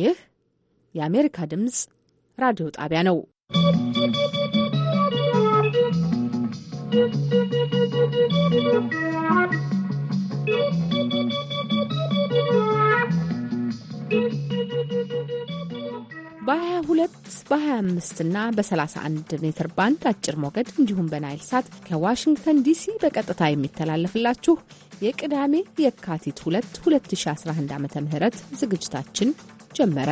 ይህ የአሜሪካ ድምፅ ራዲዮ ጣቢያ ነው። በ22 በ25 እና በ31 ሜትር ባንድ አጭር ሞገድ እንዲሁም በናይል ሳት ከዋሽንግተን ዲሲ በቀጥታ የሚተላለፍላችሁ የቅዳሜ የካቲት 2 2011 ዓ ም ዝግጅታችን ጀመረ።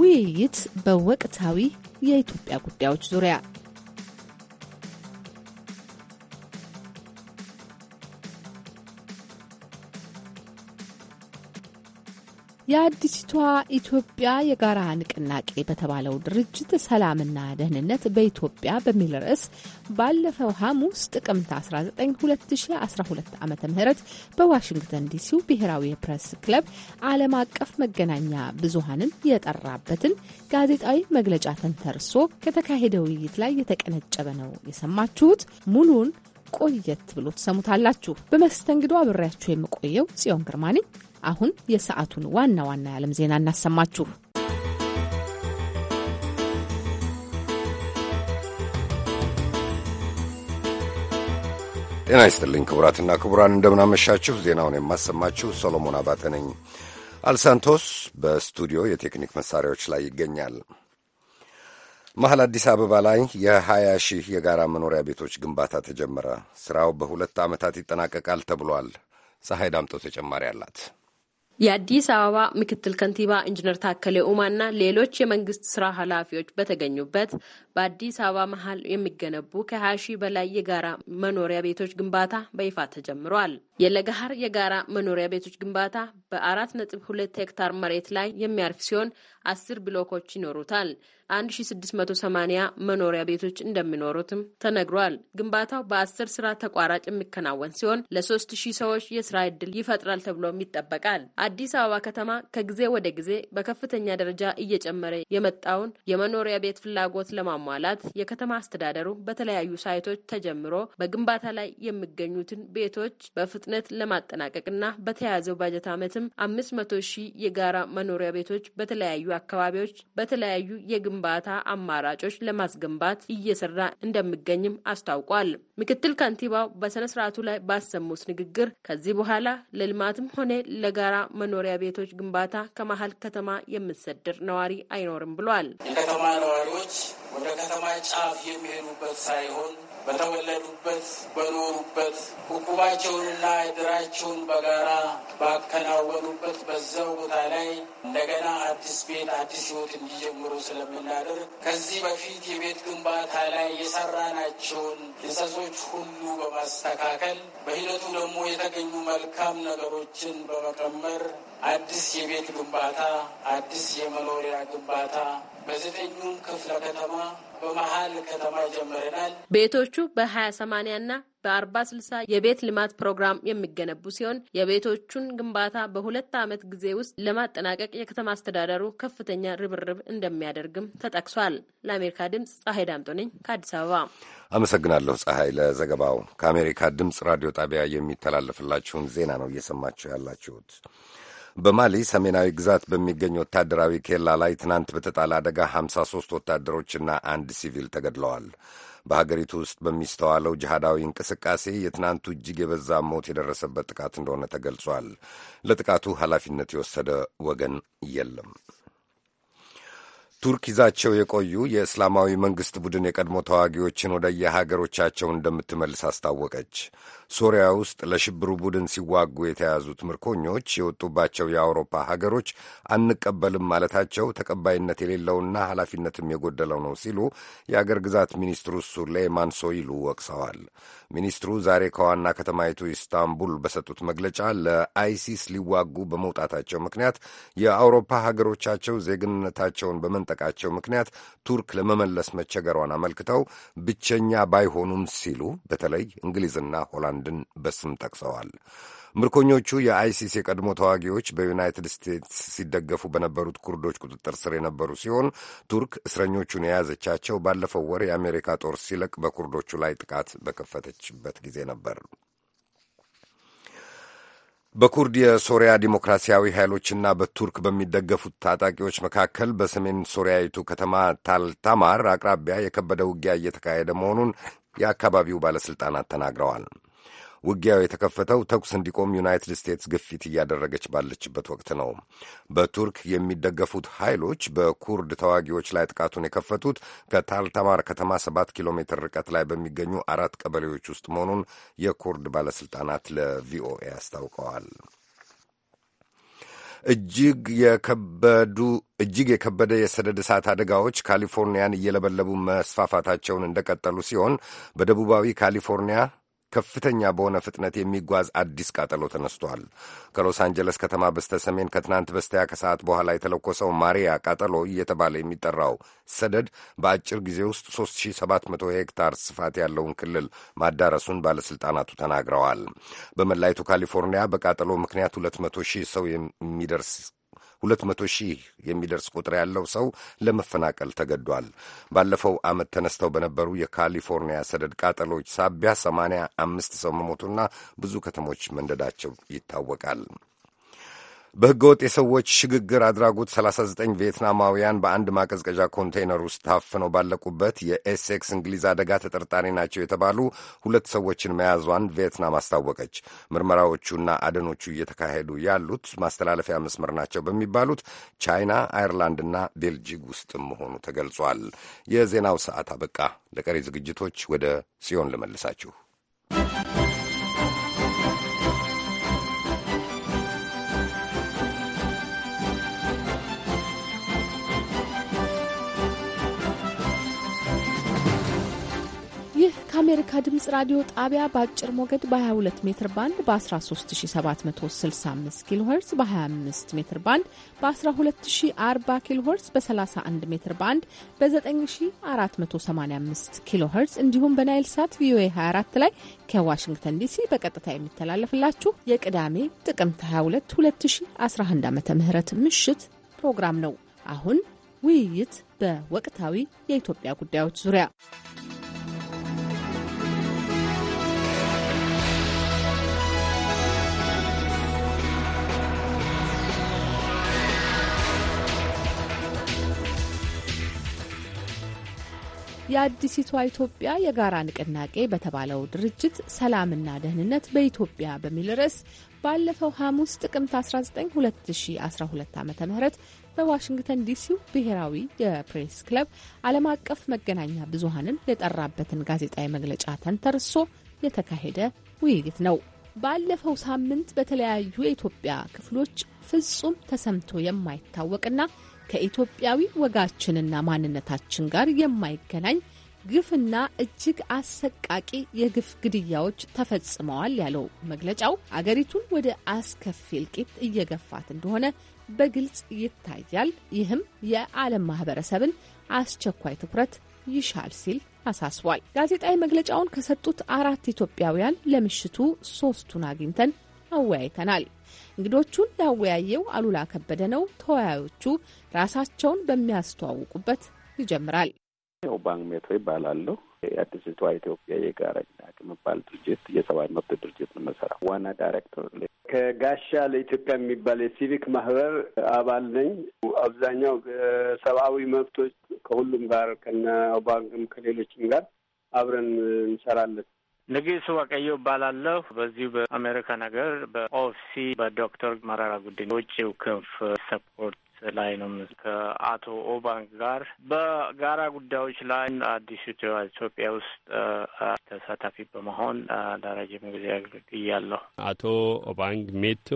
ውይይት በወቅታዊ የኢትዮጵያ ጉዳዮች ዙሪያ የአዲስቷ ኢትዮጵያ የጋራ ንቅናቄ በተባለው ድርጅት ሰላምና ደህንነት በኢትዮጵያ በሚል ርዕስ ባለፈው ሐሙስ ጥቅምት 19 2012 ዓ ም በዋሽንግተን ዲሲው ብሔራዊ የፕሬስ ክለብ ዓለም አቀፍ መገናኛ ብዙሃንን የጠራበትን ጋዜጣዊ መግለጫ ተንተርሶ ከተካሄደ ውይይት ላይ የተቀነጨበ ነው የሰማችሁት። ሙሉን ቆየት ብሎ ትሰሙታላችሁ። በመስተንግዶ አብሬያችሁ የምቆየው ጽዮን ግርማ ነኝ። አሁን የሰዓቱን ዋና ዋና የዓለም ዜና እናሰማችሁ። ጤና ይስጥልኝ ክቡራትና ክቡራን፣ እንደምናመሻችሁ። ዜናውን የማሰማችሁ ሶሎሞን አባተ ነኝ። አልሳንቶስ በስቱዲዮ የቴክኒክ መሳሪያዎች ላይ ይገኛል። መሐል አዲስ አበባ ላይ የሃያ ሺህ የጋራ መኖሪያ ቤቶች ግንባታ ተጀመረ። ሥራው በሁለት ዓመታት ይጠናቀቃል ተብሏል። ፀሐይ ዳምጠው ተጨማሪ አላት። የአዲስ አበባ ምክትል ከንቲባ ኢንጂነር ታከሌ ኡማና ሌሎች የመንግስት ስራ ኃላፊዎች በተገኙበት በአዲስ አበባ መሀል የሚገነቡ ከ20 ሺህ በላይ የጋራ መኖሪያ ቤቶች ግንባታ በይፋ ተጀምሯል። የለገሃር የጋራ መኖሪያ ቤቶች ግንባታ በአራት ነጥብ ሁለት ሄክታር መሬት ላይ የሚያርፍ ሲሆን አስር ብሎኮች ይኖሩታል። ሰማኒያ መኖሪያ ቤቶች እንደሚኖሩትም ተነግሯል። ግንባታው በአስር ስራ ተቋራጭ የሚከናወን ሲሆን ለሶስት ሺህ ሰዎች የስራ እድል ይፈጥራል ተብሎም ይጠበቃል። አዲስ አበባ ከተማ ከጊዜ ወደ ጊዜ በከፍተኛ ደረጃ እየጨመረ የመጣውን የመኖሪያ ቤት ፍላጎት ለማሟላት የከተማ አስተዳደሩ በተለያዩ ሳይቶች ተጀምሮ በግንባታ ላይ የሚገኙትን ቤቶች በፍጥ በፍጥነት ለማጠናቀቅና በተያያዘው ባጀት ዓመትም አምስት መቶ ሺህ የጋራ መኖሪያ ቤቶች በተለያዩ አካባቢዎች በተለያዩ የግንባታ አማራጮች ለማስገንባት እየሰራ እንደሚገኝም አስታውቋል። ምክትል ከንቲባው በስነ ስርዓቱ ላይ ባሰሙት ንግግር ከዚህ በኋላ ለልማትም ሆነ ለጋራ መኖሪያ ቤቶች ግንባታ ከመሀል ከተማ የምሰደር ነዋሪ አይኖርም ብሏል። የከተማ ነዋሪዎች ወደ ከተማ ጫፍ የሚሄዱበት ሳይሆን በተወለዱበት በኖሩበት ዕቁባቸውንና ዕድራቸውን በጋራ ባከናወኑበት በዛው ቦታ ላይ እንደገና አዲስ ቤት አዲስ ህይወት እንዲጀምሩ ስለምናደርግ ከዚህ በፊት የቤት ግንባታ ላይ የሰራናቸውን እንሰሶች ሁሉ በማስተካከል በሂደቱ ደግሞ የተገኙ መልካም ነገሮችን በመቀመር አዲስ የቤት ግንባታ አዲስ የመኖሪያ ግንባታ በዘጠኙም ክፍለ ከተማ በመሀል ከተማ ይጀምረናል። ቤቶቹ በሀያ ሰማንያ ና በአርባ ስልሳ የቤት ልማት ፕሮግራም የሚገነቡ ሲሆን የቤቶቹን ግንባታ በሁለት ዓመት ጊዜ ውስጥ ለማጠናቀቅ የከተማ አስተዳደሩ ከፍተኛ ርብርብ እንደሚያደርግም ተጠቅሷል። ለአሜሪካ ድምፅ ፀሐይ ዳምጦ ነኝ ከአዲስ አበባ አመሰግናለሁ። ፀሐይ ለዘገባው። ከአሜሪካ ድምፅ ራዲዮ ጣቢያ የሚተላለፍላችሁን ዜና ነው እየሰማችሁ ያላችሁት። በማሊ ሰሜናዊ ግዛት በሚገኝ ወታደራዊ ኬላ ላይ ትናንት በተጣለ አደጋ 53 ወታደሮችና አንድ ሲቪል ተገድለዋል። በሀገሪቱ ውስጥ በሚስተዋለው ጅሃዳዊ እንቅስቃሴ የትናንቱ እጅግ የበዛ ሞት የደረሰበት ጥቃት እንደሆነ ተገልጿል። ለጥቃቱ ኃላፊነት የወሰደ ወገን የለም። ቱርክ ይዛቸው የቆዩ የእስላማዊ መንግሥት ቡድን የቀድሞ ተዋጊዎችን ወደ የሀገሮቻቸው እንደምትመልስ አስታወቀች። ሶሪያ ውስጥ ለሽብሩ ቡድን ሲዋጉ የተያዙት ምርኮኞች የወጡባቸው የአውሮፓ ሀገሮች አንቀበልም ማለታቸው ተቀባይነት የሌለውና ኃላፊነትም የጎደለው ነው ሲሉ የአገር ግዛት ሚኒስትሩ ሱሌይማን ሶይሉ ወቅሰዋል። ሚኒስትሩ ዛሬ ከዋና ከተማይቱ ኢስታንቡል በሰጡት መግለጫ ለአይሲስ ሊዋጉ በመውጣታቸው ምክንያት የአውሮፓ ሀገሮቻቸው ዜግነታቸውን በመንጠቃቸው ምክንያት ቱርክ ለመመለስ መቸገሯን አመልክተው ብቸኛ ባይሆኑም ሲሉ በተለይ እንግሊዝና ሆላንድ አንድን በስም ጠቅሰዋል። ምርኮኞቹ የአይሲስ የቀድሞ ተዋጊዎች በዩናይትድ ስቴትስ ሲደገፉ በነበሩት ኩርዶች ቁጥጥር ስር የነበሩ ሲሆን ቱርክ እስረኞቹን የያዘቻቸው ባለፈው ወር የአሜሪካ ጦር ሲለቅ በኩርዶቹ ላይ ጥቃት በከፈተችበት ጊዜ ነበር። በኩርድ የሶሪያ ዲሞክራሲያዊ ኃይሎችና በቱርክ በሚደገፉት ታጣቂዎች መካከል በሰሜን ሶሪያዊቱ ከተማ ታልታማር አቅራቢያ የከበደ ውጊያ እየተካሄደ መሆኑን የአካባቢው ባለሥልጣናት ተናግረዋል። ውጊያው የተከፈተው ተኩስ እንዲቆም ዩናይትድ ስቴትስ ግፊት እያደረገች ባለችበት ወቅት ነው። በቱርክ የሚደገፉት ኃይሎች በኩርድ ተዋጊዎች ላይ ጥቃቱን የከፈቱት ከታልተማር ከተማ ሰባት ኪሎ ሜትር ርቀት ላይ በሚገኙ አራት ቀበሌዎች ውስጥ መሆኑን የኩርድ ባለሥልጣናት ለቪኦኤ አስታውቀዋል። እጅግ የከበዱ እጅግ የከበደ የሰደድ እሳት አደጋዎች ካሊፎርኒያን እየለበለቡ መስፋፋታቸውን እንደቀጠሉ ሲሆን በደቡባዊ ካሊፎርኒያ ከፍተኛ በሆነ ፍጥነት የሚጓዝ አዲስ ቃጠሎ ተነስቷል። ከሎስ አንጀለስ ከተማ በስተ ሰሜን ከትናንት በስቲያ ከሰዓት በኋላ የተለኮሰው ማሪያ ቃጠሎ እየተባለ የሚጠራው ሰደድ በአጭር ጊዜ ውስጥ 3700 ሄክታር ስፋት ያለውን ክልል ማዳረሱን ባለሥልጣናቱ ተናግረዋል። በመላይቱ ካሊፎርኒያ በቃጠሎ ምክንያት 200 ሺህ ሰው የሚደርስ ሁለት መቶ ሺህ የሚደርስ ቁጥር ያለው ሰው ለመፈናቀል ተገዷል። ባለፈው ዓመት ተነስተው በነበሩ የካሊፎርኒያ ሰደድ ቃጠሎች ሳቢያ ሰማንያ አምስት ሰው መሞቱና ብዙ ከተሞች መንደዳቸው ይታወቃል። በሕገወጥ የሰዎች ሽግግር አድራጎት 39 ቪየትናማውያን በአንድ ማቀዝቀዣ ኮንቴይነር ውስጥ ታፍነው ባለቁበት የኤሴክስ እንግሊዝ አደጋ ተጠርጣሪ ናቸው የተባሉ ሁለት ሰዎችን መያዟን ቪየትናም አስታወቀች። ምርመራዎቹና አደኖቹ እየተካሄዱ ያሉት ማስተላለፊያ መስመር ናቸው በሚባሉት ቻይና፣ አየርላንድና ቤልጂክ ውስጥ መሆኑ ተገልጿል። የዜናው ሰዓት አበቃ። ለቀሪ ዝግጅቶች ወደ ጽዮን ልመልሳችሁ። ከአሜሪካ ድምፅ ራዲዮ ጣቢያ በአጭር ሞገድ በ22 ሜትር ባንድ በ13765 ኪሎ ሄርዝ በ25 ሜትር ባንድ በ1240 ኪሎ ሄርዝ በ31 ሜትር ባንድ በ9485 ኪሎ ሄርዝ እንዲሁም በናይል ሳት ቪኦኤ 24 ላይ ከዋሽንግተን ዲሲ በቀጥታ የሚተላለፍላችሁ የቅዳሜ ጥቅምት 22 2011 ዓ ም ምሽት ፕሮግራም ነው። አሁን ውይይት በወቅታዊ የኢትዮጵያ ጉዳዮች ዙሪያ የአዲሲቷ ኢትዮጵያ የጋራ ንቅናቄ በተባለው ድርጅት ሰላምና ደህንነት በኢትዮጵያ በሚል ርዕስ ባለፈው ሐሙስ ጥቅምት 19 2012 ዓ ም በዋሽንግተን ዲሲው ብሔራዊ የፕሬስ ክለብ ዓለም አቀፍ መገናኛ ብዙሃንን የጠራበትን ጋዜጣዊ መግለጫ ተንተርሶ የተካሄደ ውይይት ነው። ባለፈው ሳምንት በተለያዩ የኢትዮጵያ ክፍሎች ፍጹም ተሰምቶ የማይታወቅና ከኢትዮጵያዊ ወጋችንና ማንነታችን ጋር የማይገናኝ ግፍና እጅግ አሰቃቂ የግፍ ግድያዎች ተፈጽመዋል ያለው መግለጫው አገሪቱን ወደ አስከፊ እልቂት እየገፋት እንደሆነ በግልጽ ይታያል። ይህም የዓለም ማህበረሰብን አስቸኳይ ትኩረት ይሻል ሲል አሳስቧል። ጋዜጣዊ መግለጫውን ከሰጡት አራት ኢትዮጵያውያን ለምሽቱ ሶስቱን አግኝተን አወያይተናል። እንግዶቹን ያወያየው አሉላ ከበደ ነው። ተወያዮቹ ራሳቸውን በሚያስተዋውቁበት ይጀምራል። ያው ባንክ ሜትሮ ይባላለሁ። የአዲስቷ ኢትዮጵያ የጋራ ጭናቅ የሚባል ድርጅት የሰብአዊ መብት ድርጅት ነው ዋና ዳይሬክተር። ከጋሻ ለኢትዮጵያ የሚባል የሲቪክ ማህበር አባል ነኝ። አብዛኛው ሰብአዊ መብቶች ከሁሉም ጋር ከነ ባንክም ከሌሎችም ጋር አብረን እንሰራለን። ንጉሱ ዋቀዮ እባላለሁ። በዚሁ በአሜሪካን ሀገር በኦፍሲ በዶክተር መራራ ጉዲና የውጭው ክንፍ ሰፖርት ላይ ነው። ከአቶ ኦባንክ ጋር በጋራ ጉዳዮች ላይ አዲሱ ኢትዮጵያ ውስጥ ተሳታፊ በመሆን ለረጅም ጊዜ አገልግያለሁ። አቶ ኦባንግ ሜቶ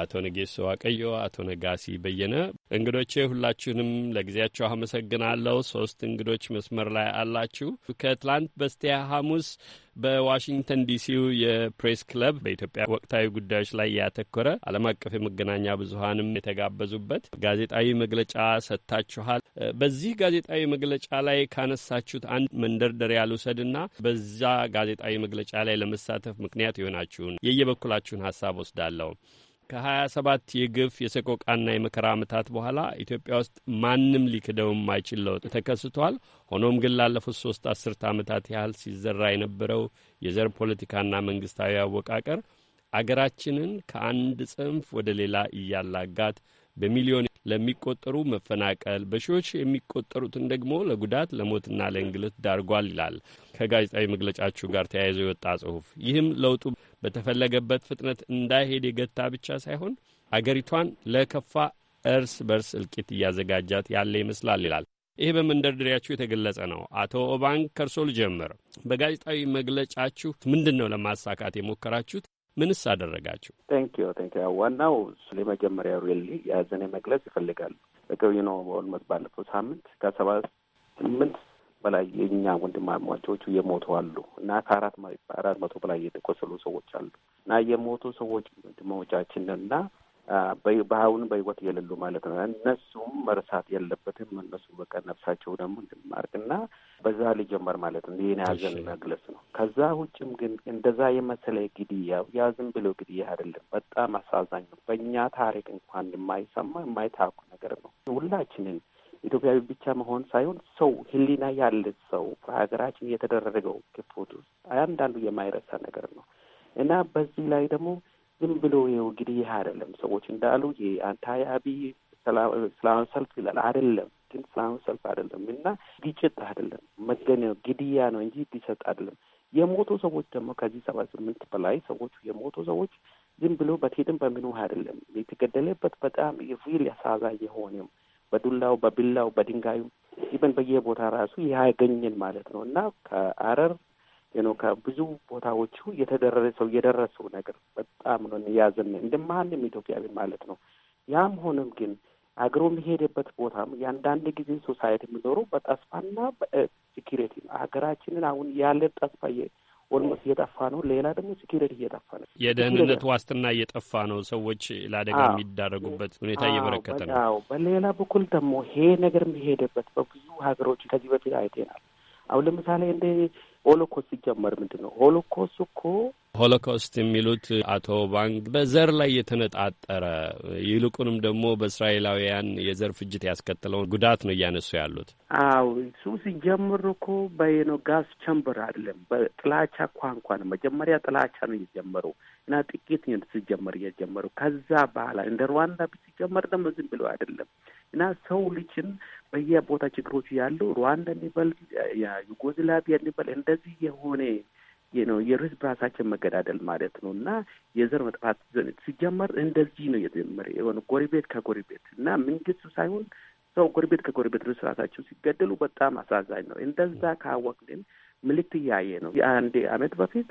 አቶ ነጌሶ አቀዮ፣ አቶ ነጋሲ በየነ እንግዶቼ ሁላችሁንም ለጊዜያችሁ አመሰግናለሁ። ሶስት እንግዶች መስመር ላይ አላችሁ። ከትላንት በስቲያ ሐሙስ በዋሽንግተን ዲሲው የፕሬስ ክለብ በኢትዮጵያ ወቅታዊ ጉዳዮች ላይ ያተኮረ ዓለም አቀፍ የመገናኛ ብዙሀንም የተጋበዙበት ጋዜጣዊ መግለጫ ሰጥታችኋል። በዚህ ጋዜጣዊ መግለጫ ላይ ካነሳችሁት አንድ መንደርደሪያ ልውሰድና በዛ ጋዜጣዊ መግለጫ ላይ ለመሳተፍ ምክንያት የሆናችሁን የየበኩላችሁን ሀሳብ ወስዳለሁ። ከ27 የግፍ የሰቆቃና የመከራ ዓመታት በኋላ ኢትዮጵያ ውስጥ ማንም ሊክደው የማይችል ለውጥ ተከስቷል። ሆኖም ግን ላለፉት ሶስት አስርተ ዓመታት ያህል ሲዘራ የነበረው የዘር ፖለቲካና መንግስታዊ አወቃቀር አገራችንን ከአንድ ጽንፍ ወደ ሌላ እያላጋት በሚሊዮን ለሚቆጠሩ መፈናቀል፣ በሺዎች የሚቆጠሩትን ደግሞ ለጉዳት ለሞትና ለእንግልት ዳርጓል ይላል ከጋዜጣዊ መግለጫችሁ ጋር ተያይዞ የወጣ ጽሁፍ። ይህም ለውጡ በተፈለገበት ፍጥነት እንዳይሄድ የገታ ብቻ ሳይሆን አገሪቷን ለከፋ እርስ በርስ እልቂት እያዘጋጃት ያለ ይመስላል ይላል። ይህ በመንደርደሪያችሁ የተገለጸ ነው። አቶ ኦባንግ ከርሶ ልጀምር። በጋዜጣዊ መግለጫችሁ ምንድን ነው ለማሳካት የሞከራችሁት? ምንስ አደረጋችሁ? ቴንኪዩ ቴንኪዩ። ዋናው መጀመሪያ ሪል የያዘን መግለጽ ይፈልጋል። በቅርብ ነው በኦልሞስት ባለፈው ሳምንት ከሰባ ስምንት በላይ የእኛ ወንድማማቾቹ የሞቱ አሉ እና ከአራት አራት መቶ በላይ የተቆሰሉ ሰዎች አሉ እና የሞቱ ሰዎች ወንድሞቻችንና በአሁን በህይወት የሌሉ ማለት ነው። እነሱም መርሳት የለበትም። እነሱ በቃ ነፍሳቸው ደግሞ እንድማርቅና በዛ ሊጀመር ማለት ነው። ይህን ያዘን መግለጽ ነው። ከዛ ውጭም ግን እንደዛ የመሰለ ግድያ ያ ዝም ብሎ ግድያ አይደለም። በጣም አሳዛኝ ነው። በእኛ ታሪክ እንኳን የማይሰማ የማይታኩ ነገር ነው። ሁላችንን ኢትዮጵያዊ ብቻ መሆን ሳይሆን ሰው ህሊና ያለ ሰው በሀገራችን የተደረገው ክፉት ውስጥ አንዳንዱ የማይረሳ ነገር ነው እና በዚህ ላይ ደግሞ ዝም ብሎ ይኸው እንግዲህ ይህ አይደለም ሰዎች እንዳሉ የአንታይ አብይ ሰልፍ ይላል አይደለም ግን ሰላማዊ ሰልፍ አይደለም እና ግጭት አይደለም መገን ግድያ ነው እንጂ ሊሰጥ አይደለም። የሞቱ ሰዎች ደግሞ ከዚህ ሰባ ስምንት በላይ ሰዎች የሞቱ ሰዎች ዝም ብሎ በቴድን በምኑ አይደለም የተገደለበት በጣም የፊል ያሳዛ የሆነም በዱላው በቢላው በድንጋዩ ኢቨን በየቦታ ራሱ ያገኘን ማለት ነው እና ከአረር ነው ከብዙ ቦታዎቹ የተደረሰው የደረሰው ነገር በጣም ነው እያዘን እንደ ማንም ኢትዮጵያዊ ማለት ነው። ያም ሆነም ግን አገሮ የሚሄድበት ቦታም የአንዳንድ ጊዜ ሶሳይቲ የሚኖረው በጠስፋና በሴኪሪቲ ሀገራችንን አሁን ያለ ጠስፋ ኦልሞስት እየጠፋ ነው። ሌላ ደግሞ ሴኪሪቲ እየጠፋ ነው። የደህንነት ዋስትና እየጠፋ ነው። ሰዎች ለአደጋ የሚዳረጉበት ሁኔታ እየበረከተ ነው። በሌላ በኩል ደግሞ ይሄ ነገር የሚሄድበት በብዙ ሀገሮች ከዚህ በፊት አይቴናል። አሁን ለምሳሌ እንደ ሆሎኮስት ሲጀመር ምንድን ነው ሆሎኮስት እኮ ሆሎኮስት የሚሉት አቶ ባንክ በዘር ላይ የተነጣጠረ ይልቁንም ደግሞ በእስራኤላውያን የዘር ፍጅት ያስከተለውን ጉዳት ነው እያነሱ ያሉት። አዎ እሱ ሲጀምር እኮ በኖ ጋስ ቸምበር አይደለም፣ በጥላቻ ኳንኳ ነው። መጀመሪያ ጥላቻ ነው የጀመረው። እና ጥቂት ሲጀመር እየጀመሩ ከዛ በኋላ እንደ ሩዋንዳ ሲጀመር ደግሞ ዝም ብሎ አይደለም እና ሰው ልጅን በየቦታ ችግሮቹ ያሉ ሩዋንዳ የሚበል ዩጎዝላቪያ የሚበል እንደዚህ የሆነ ነው የርስ በራሳችን መገዳደል ማለት ነው እና የዘር መጥፋት ሲጀመር እንደዚህ ነው የተጀመረ የሆነ ጎረቤት ከጎረቤት እና መንግስቱ ሳይሆን ሰው ጎረቤት ከጎረቤት ርስ ራሳቸው ሲገደሉ በጣም አሳዛኝ ነው። እንደዛ ካወቅን ምልክት እያየ ነው። የአንድ አመት በፊት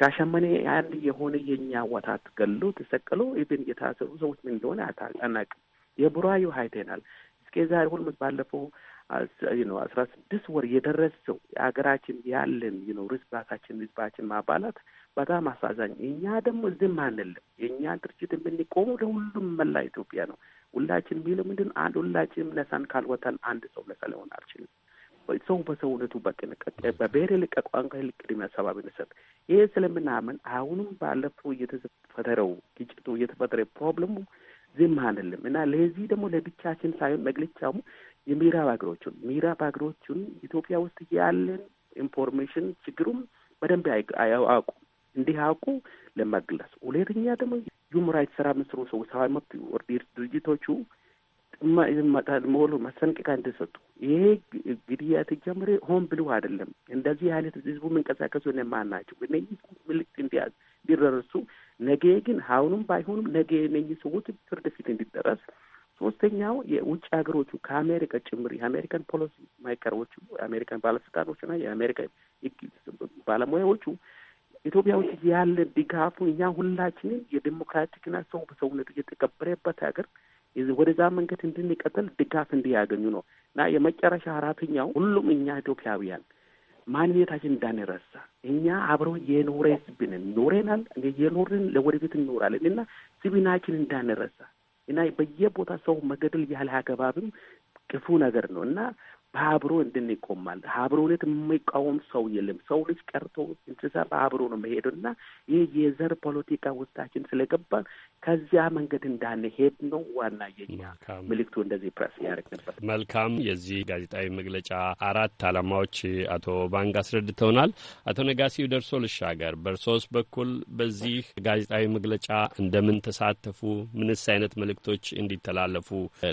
ሻሸመኔ አንድ የሆነ የኛ አዋታት ገሎ ተሰቅሎ ኢቭን የታሰሩ ሰዎች ምን እንደሆነ አናውቅም። የቡራዩ ሀይቴናል እስከ ዛሬ ሁሉም ባለፈው ነው አስራ ስድስት ወር የደረሰው የሀገራችን ያለን ነው ርስ ራሳችን ህዝባችን ማባላት በጣም አሳዛኝ። እኛ ደግሞ ዝም አንልም። የእኛ ድርጅት የምንቆመው ለሁሉም መላ ኢትዮጵያ ነው። ሁላችን የሚለው ምንድን አንድ ሁላችንም ነሳን ካልወጣን አንድ ሰው ነጻ ሊሆን አልችልም። ሰው በሰውነቱ በጥንቃቄ በብሔር ልቀ ቋንቋ ልቅ ቅድሚያ ሰብአዊ ንሰጥ ይህ ስለምናምን አሁንም ባለፈው እየተፈጠረው ግጭቱ እየተፈጠረ ፕሮብለሙ ዝም አንልም እና ለዚህ ደግሞ ለብቻችን ሳይሆን መግለጫሙ የምዕራብ ሀገሮችን ምዕራብ ሀገሮችን ኢትዮጵያ ውስጥ ያለን ኢንፎርሜሽን ችግሩም በደንብ አያውቁ እንዲህ አውቁ ለመግለጽ ሁለተኛ ደግሞ ሁማን ራይትስ ስራ ምስሩ ሰው ሰብአዊ መብት ድርጅቶቹ የማይመጣል መሆኑ ማስጠንቀቂያ እንደሰጡ ይሄ ግድያ ተጀምሬ ሆን ብሎ አይደለም። እንደዚህ አይነት ህዝቡ መንቀሳቀሱ ነማ ናቸው? እነዚህ ምልክት እንዲያዝ እንዲረርሱ ነገ ግን አሁንም ባይሆኑም ነገ እነዚህ ሰዎች ፍርድ ፊት እንዲደረስ ሶስተኛው የውጭ ሀገሮቹ ከአሜሪካ ጭምር የአሜሪካን ፖሊሲ ማይከሮቹ የአሜሪካን ባለስልጣኖች ባለስልጣኖችና የአሜሪካ ባለሙያዎቹ ኢትዮጵያ ውስጥ ያለ ድጋፉ እኛ ሁላችንም የዲሞክራቲክና ሰው በሰውነት የተከበረበት ሀገር ወደዛ መንገድ እንድንቀጥል ድጋፍ እንዲያገኙ ነው እና የመጨረሻ አራተኛው ሁሉም እኛ ኢትዮጵያውያን ማንነታችን እንዳንረሳ እኛ አብረው የኖረ ህዝብንን ኖረናል፣ የኖርን ለወደፊት እንኖራለን እና ስብናችን እንዳንረሳ እና በየቦታ ሰው መገደል ያለ አገባብም ክፉ ነገር ነው እና በአብሮ እንድንቆማል አብሮነት የሚቃወም ሰው የለም። ሰው ልጅ ቀርቶ እንስሳ በአብሮ ነው መሄዱ እና ይህ የዘር ፖለቲካ ውስጣችን ስለገባ ከዚያ መንገድ እንዳንሄድ ነው ዋና የኛ ምልክቱ። እንደዚህ ፕረስ ያደርግ ነበር። መልካም። የዚህ ጋዜጣዊ መግለጫ አራት አላማዎች አቶ ባንግ አስረድተውናል። አቶ ነጋሲው ደርሶ ልሻገር፣ በእርሶስ በኩል በዚህ ጋዜጣዊ መግለጫ እንደምን ተሳተፉ? ምንስ አይነት መልእክቶች እንዲተላለፉ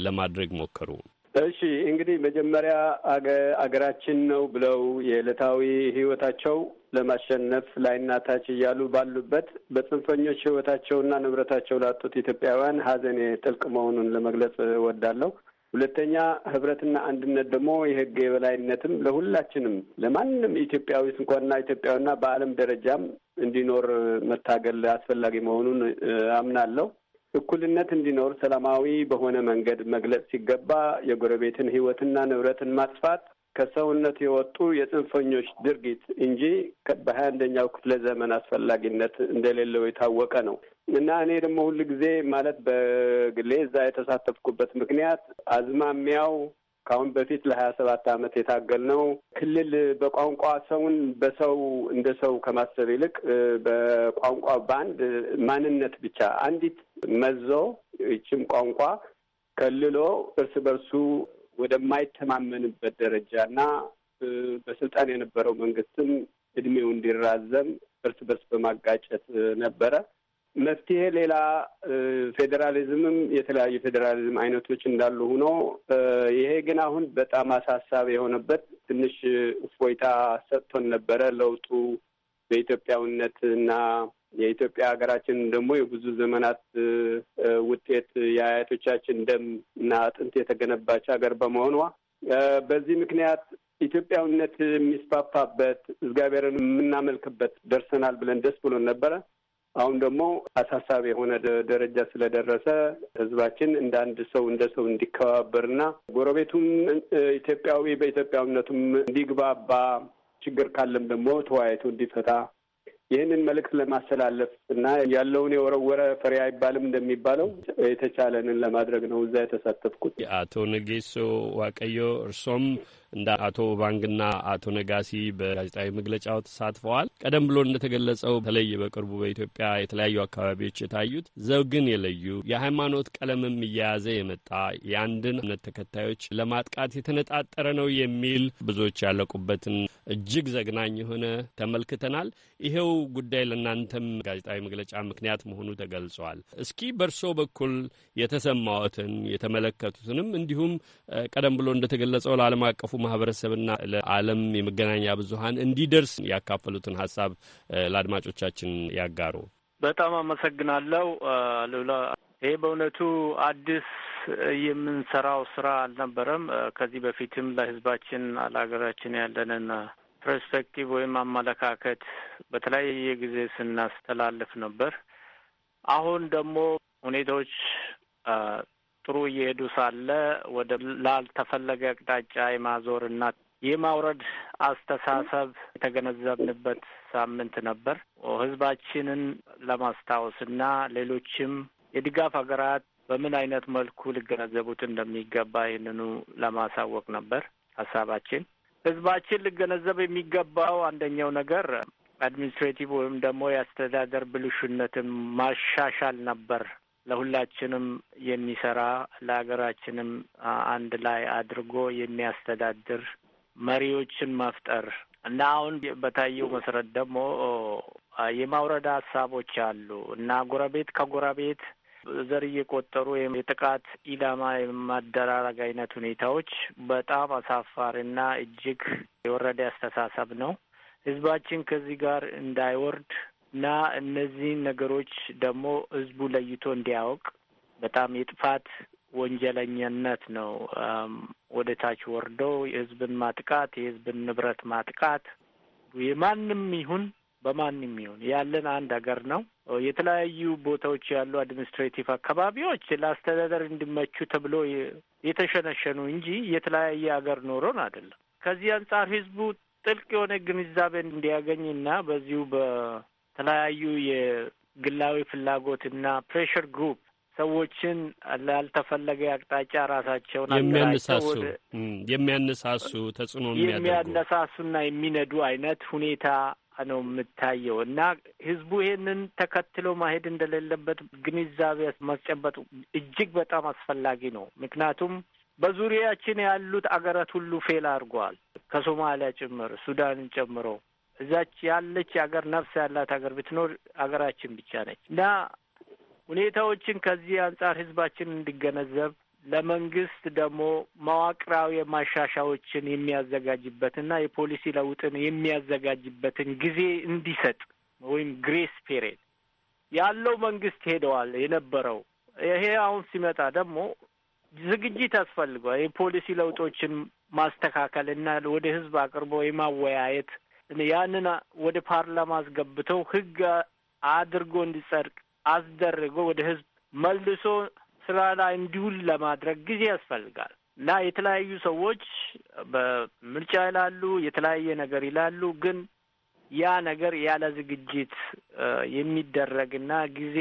ለማድረግ ሞከሩ? እሺ እንግዲህ መጀመሪያ አገራችን ነው ብለው የዕለታዊ ህይወታቸው ለማሸነፍ ላይና ታች እያሉ ባሉበት በጽንፈኞች ህይወታቸውና ንብረታቸው ላጡት ኢትዮጵያውያን ሀዘኔ ጥልቅ መሆኑን ለመግለጽ እወዳለሁ። ሁለተኛ ህብረትና አንድነት ደግሞ የህግ የበላይነትም ለሁላችንም ለማንም ኢትዮጵያዊ እንኳንና ኢትዮጵያዊና በዓለም ደረጃም እንዲኖር መታገል አስፈላጊ መሆኑን አምናለሁ። እኩልነት እንዲኖር ሰላማዊ በሆነ መንገድ መግለጽ ሲገባ የጎረቤትን ህይወትና ንብረትን ማጥፋት ከሰውነት የወጡ የጽንፈኞች ድርጊት እንጂ በሀያ አንደኛው ክፍለ ዘመን አስፈላጊነት እንደሌለው የታወቀ ነው እና እኔ ደግሞ ሁል ጊዜ ማለት በግሌ እዛ የተሳተፍኩበት ምክንያት አዝማሚያው ከአሁን በፊት ለሀያ ሰባት የታገል የታገልነው ክልል በቋንቋ ሰውን በሰው እንደ ሰው ከማሰብ ይልቅ በቋንቋ በአንድ ማንነት ብቻ አንዲት መዞ ይችም ቋንቋ ከልሎ እርስ በርሱ ወደማይተማመንበት ደረጃ እና በስልጣን የነበረው መንግስትም እድሜው እንዲራዘም እርስ በርስ በማጋጨት ነበረ። መፍትሄ ሌላ ፌዴራሊዝምም የተለያዩ ፌዴራሊዝም አይነቶች እንዳሉ ሆኖ ይሄ ግን አሁን በጣም አሳሳቢ የሆነበት ትንሽ እፎይታ ሰጥቶን ነበረ ለውጡ በኢትዮጵያዊነት እና የኢትዮጵያ ሀገራችን ደግሞ የብዙ ዘመናት ውጤት የአያቶቻችን ደም እና አጥንት የተገነባች ሀገር በመሆኗ በዚህ ምክንያት ኢትዮጵያዊነት የሚስፋፋበት እግዚአብሔርን የምናመልክበት ደርሰናል ብለን ደስ ብሎን ነበረ። አሁን ደግሞ አሳሳቢ የሆነ ደረጃ ስለደረሰ ህዝባችን እንደ አንድ ሰው እንደ ሰው እንዲከባበርና ጎረቤቱም ኢትዮጵያዊ በኢትዮጵያዊነቱም እንዲግባባ ችግር ካለም ደግሞ ተወያይቶ እንዲፈታ ይህንን መልእክት ለማስተላለፍ እና ያለውን የወረወረ ፈሪ አይባልም እንደሚባለው የተቻለንን ለማድረግ ነው እዛ የተሳተፍኩት። አቶ ነጌሶ ዋቀዮ እርሶም እንደ አቶ ባንግና አቶ ነጋሲ በጋዜጣዊ መግለጫው ተሳትፈዋል። ቀደም ብሎ እንደተገለጸው በተለይ በቅርቡ በኢትዮጵያ የተለያዩ አካባቢዎች የታዩት ዘውግን የለዩ የሃይማኖት ቀለምም እየያዘ የመጣ የአንድን እምነት ተከታዮች ለማጥቃት የተነጣጠረ ነው የሚል ብዙዎች ያለቁበትን እጅግ ዘግናኝ የሆነ ተመልክተናል። ይኸው ጉዳይ ለእናንተም ጋዜጣዊ መግለጫ ምክንያት መሆኑ ተገልጿል። እስኪ በእርሶ በኩል የተሰማዎትን የተመለከቱትንም እንዲሁም ቀደም ብሎ እንደተገለጸው ለዓለም አቀፉ ማህበረሰብና ለዓለም የመገናኛ ብዙሀን እንዲደርስ ያካፈሉትን ሀሳብ ለአድማጮቻችን ያጋሩ። በጣም አመሰግናለሁ ሉላ። ይሄ በእውነቱ አዲስ የምንሰራው ስራ አልነበረም። ከዚህ በፊትም ለህዝባችን ለሀገራችን ያለንን ፐርስፔክቲቭ ወይም አመለካከት በተለያየ ጊዜ ስናስተላልፍ ነበር። አሁን ደግሞ ሁኔታዎች ጥሩ እየሄዱ ሳለ ወደ ላልተፈለገ አቅጣጫ የማዞርና የማውረድ አስተሳሰብ የተገነዘብንበት ሳምንት ነበር። ህዝባችንን ለማስታወስና ሌሎችም የድጋፍ ሀገራት በምን አይነት መልኩ ሊገነዘቡት እንደሚገባ ይህንኑ ለማሳወቅ ነበር ሀሳባችን። ህዝባችን ሊገነዘብ የሚገባው አንደኛው ነገር አድሚኒስትሬቲቭ ወይም ደግሞ የአስተዳደር ብልሹነትን ማሻሻል ነበር ለሁላችንም የሚሰራ ለሀገራችንም አንድ ላይ አድርጎ የሚያስተዳድር መሪዎችን መፍጠር እና አሁን በታየው መሰረት ደግሞ የማውረድ ሀሳቦች አሉ እና ጎረቤት ከጎረቤት ዘር እየቆጠሩ የጥቃት ኢላማ የማደራረግ አይነት ሁኔታዎች በጣም አሳፋሪና እጅግ የወረደ አስተሳሰብ ነው። ህዝባችን ከዚህ ጋር እንዳይወርድ እና እነዚህን ነገሮች ደግሞ ህዝቡ ለይቶ እንዲያውቅ በጣም የጥፋት ወንጀለኝነት ነው። ወደ ታች ወርዶ የህዝብን ማጥቃት፣ የህዝብን ንብረት ማጥቃት የማንም ይሁን በማንም ይሁን ያለን አንድ ሀገር ነው። የተለያዩ ቦታዎች ያሉ አድሚኒስትሬቲቭ አካባቢዎች ለአስተዳደር እንዲመቹ ተብሎ የተሸነሸኑ እንጂ የተለያየ ሀገር ኖሮን አይደለም። ከዚህ አንጻር ህዝቡ ጥልቅ የሆነ ግንዛቤ እንዲያገኝና በዚሁ በ የተለያዩ የግላዊ ፍላጎትና ፕሬሽር ግሩፕ ሰዎችን ላልተፈለገ አቅጣጫ ራሳቸውን የሚያነሳሱ የሚያነሳሱ ተጽዕኖ የሚያነሳሱና የሚነዱ አይነት ሁኔታ ነው የምታየው እና ህዝቡ ይሄንን ተከትሎ ማሄድ እንደሌለበት ግንዛቤ ማስጨበጡ እጅግ በጣም አስፈላጊ ነው። ምክንያቱም በዙሪያችን ያሉት አገራት ሁሉ ፌል አድርጓል። ከሶማሊያ ጭምር ሱዳንን ጨምሮ እዛች ያለች ሀገር ነፍስ ያላት ሀገር ብትኖር ሀገራችን ብቻ ነች እና ሁኔታዎችን ከዚህ አንጻር ህዝባችን እንዲገነዘብ ለመንግስት ደግሞ መዋቅራዊ ማሻሻዎችን የሚያዘጋጅበትና የፖሊሲ ለውጥን የሚያዘጋጅበትን ጊዜ እንዲሰጥ ወይም ግሬስ ፔሬድ ያለው መንግስት ሄደዋል የነበረው ይሄ አሁን ሲመጣ ደግሞ ዝግጅት አስፈልገዋል የፖሊሲ ለውጦችን ማስተካከል እና ወደ ህዝብ አቅርቦ የማወያየት ያንን ወደ ፓርላማ አስገብተው ህግ አድርጎ እንዲጸድቅ አስደርጎ ወደ ህዝብ መልሶ ስራ ላይ እንዲውል ለማድረግ ጊዜ ያስፈልጋል እና የተለያዩ ሰዎች በምርጫ ይላሉ፣ የተለያየ ነገር ይላሉ። ግን ያ ነገር ያለ ዝግጅት የሚደረግና ጊዜ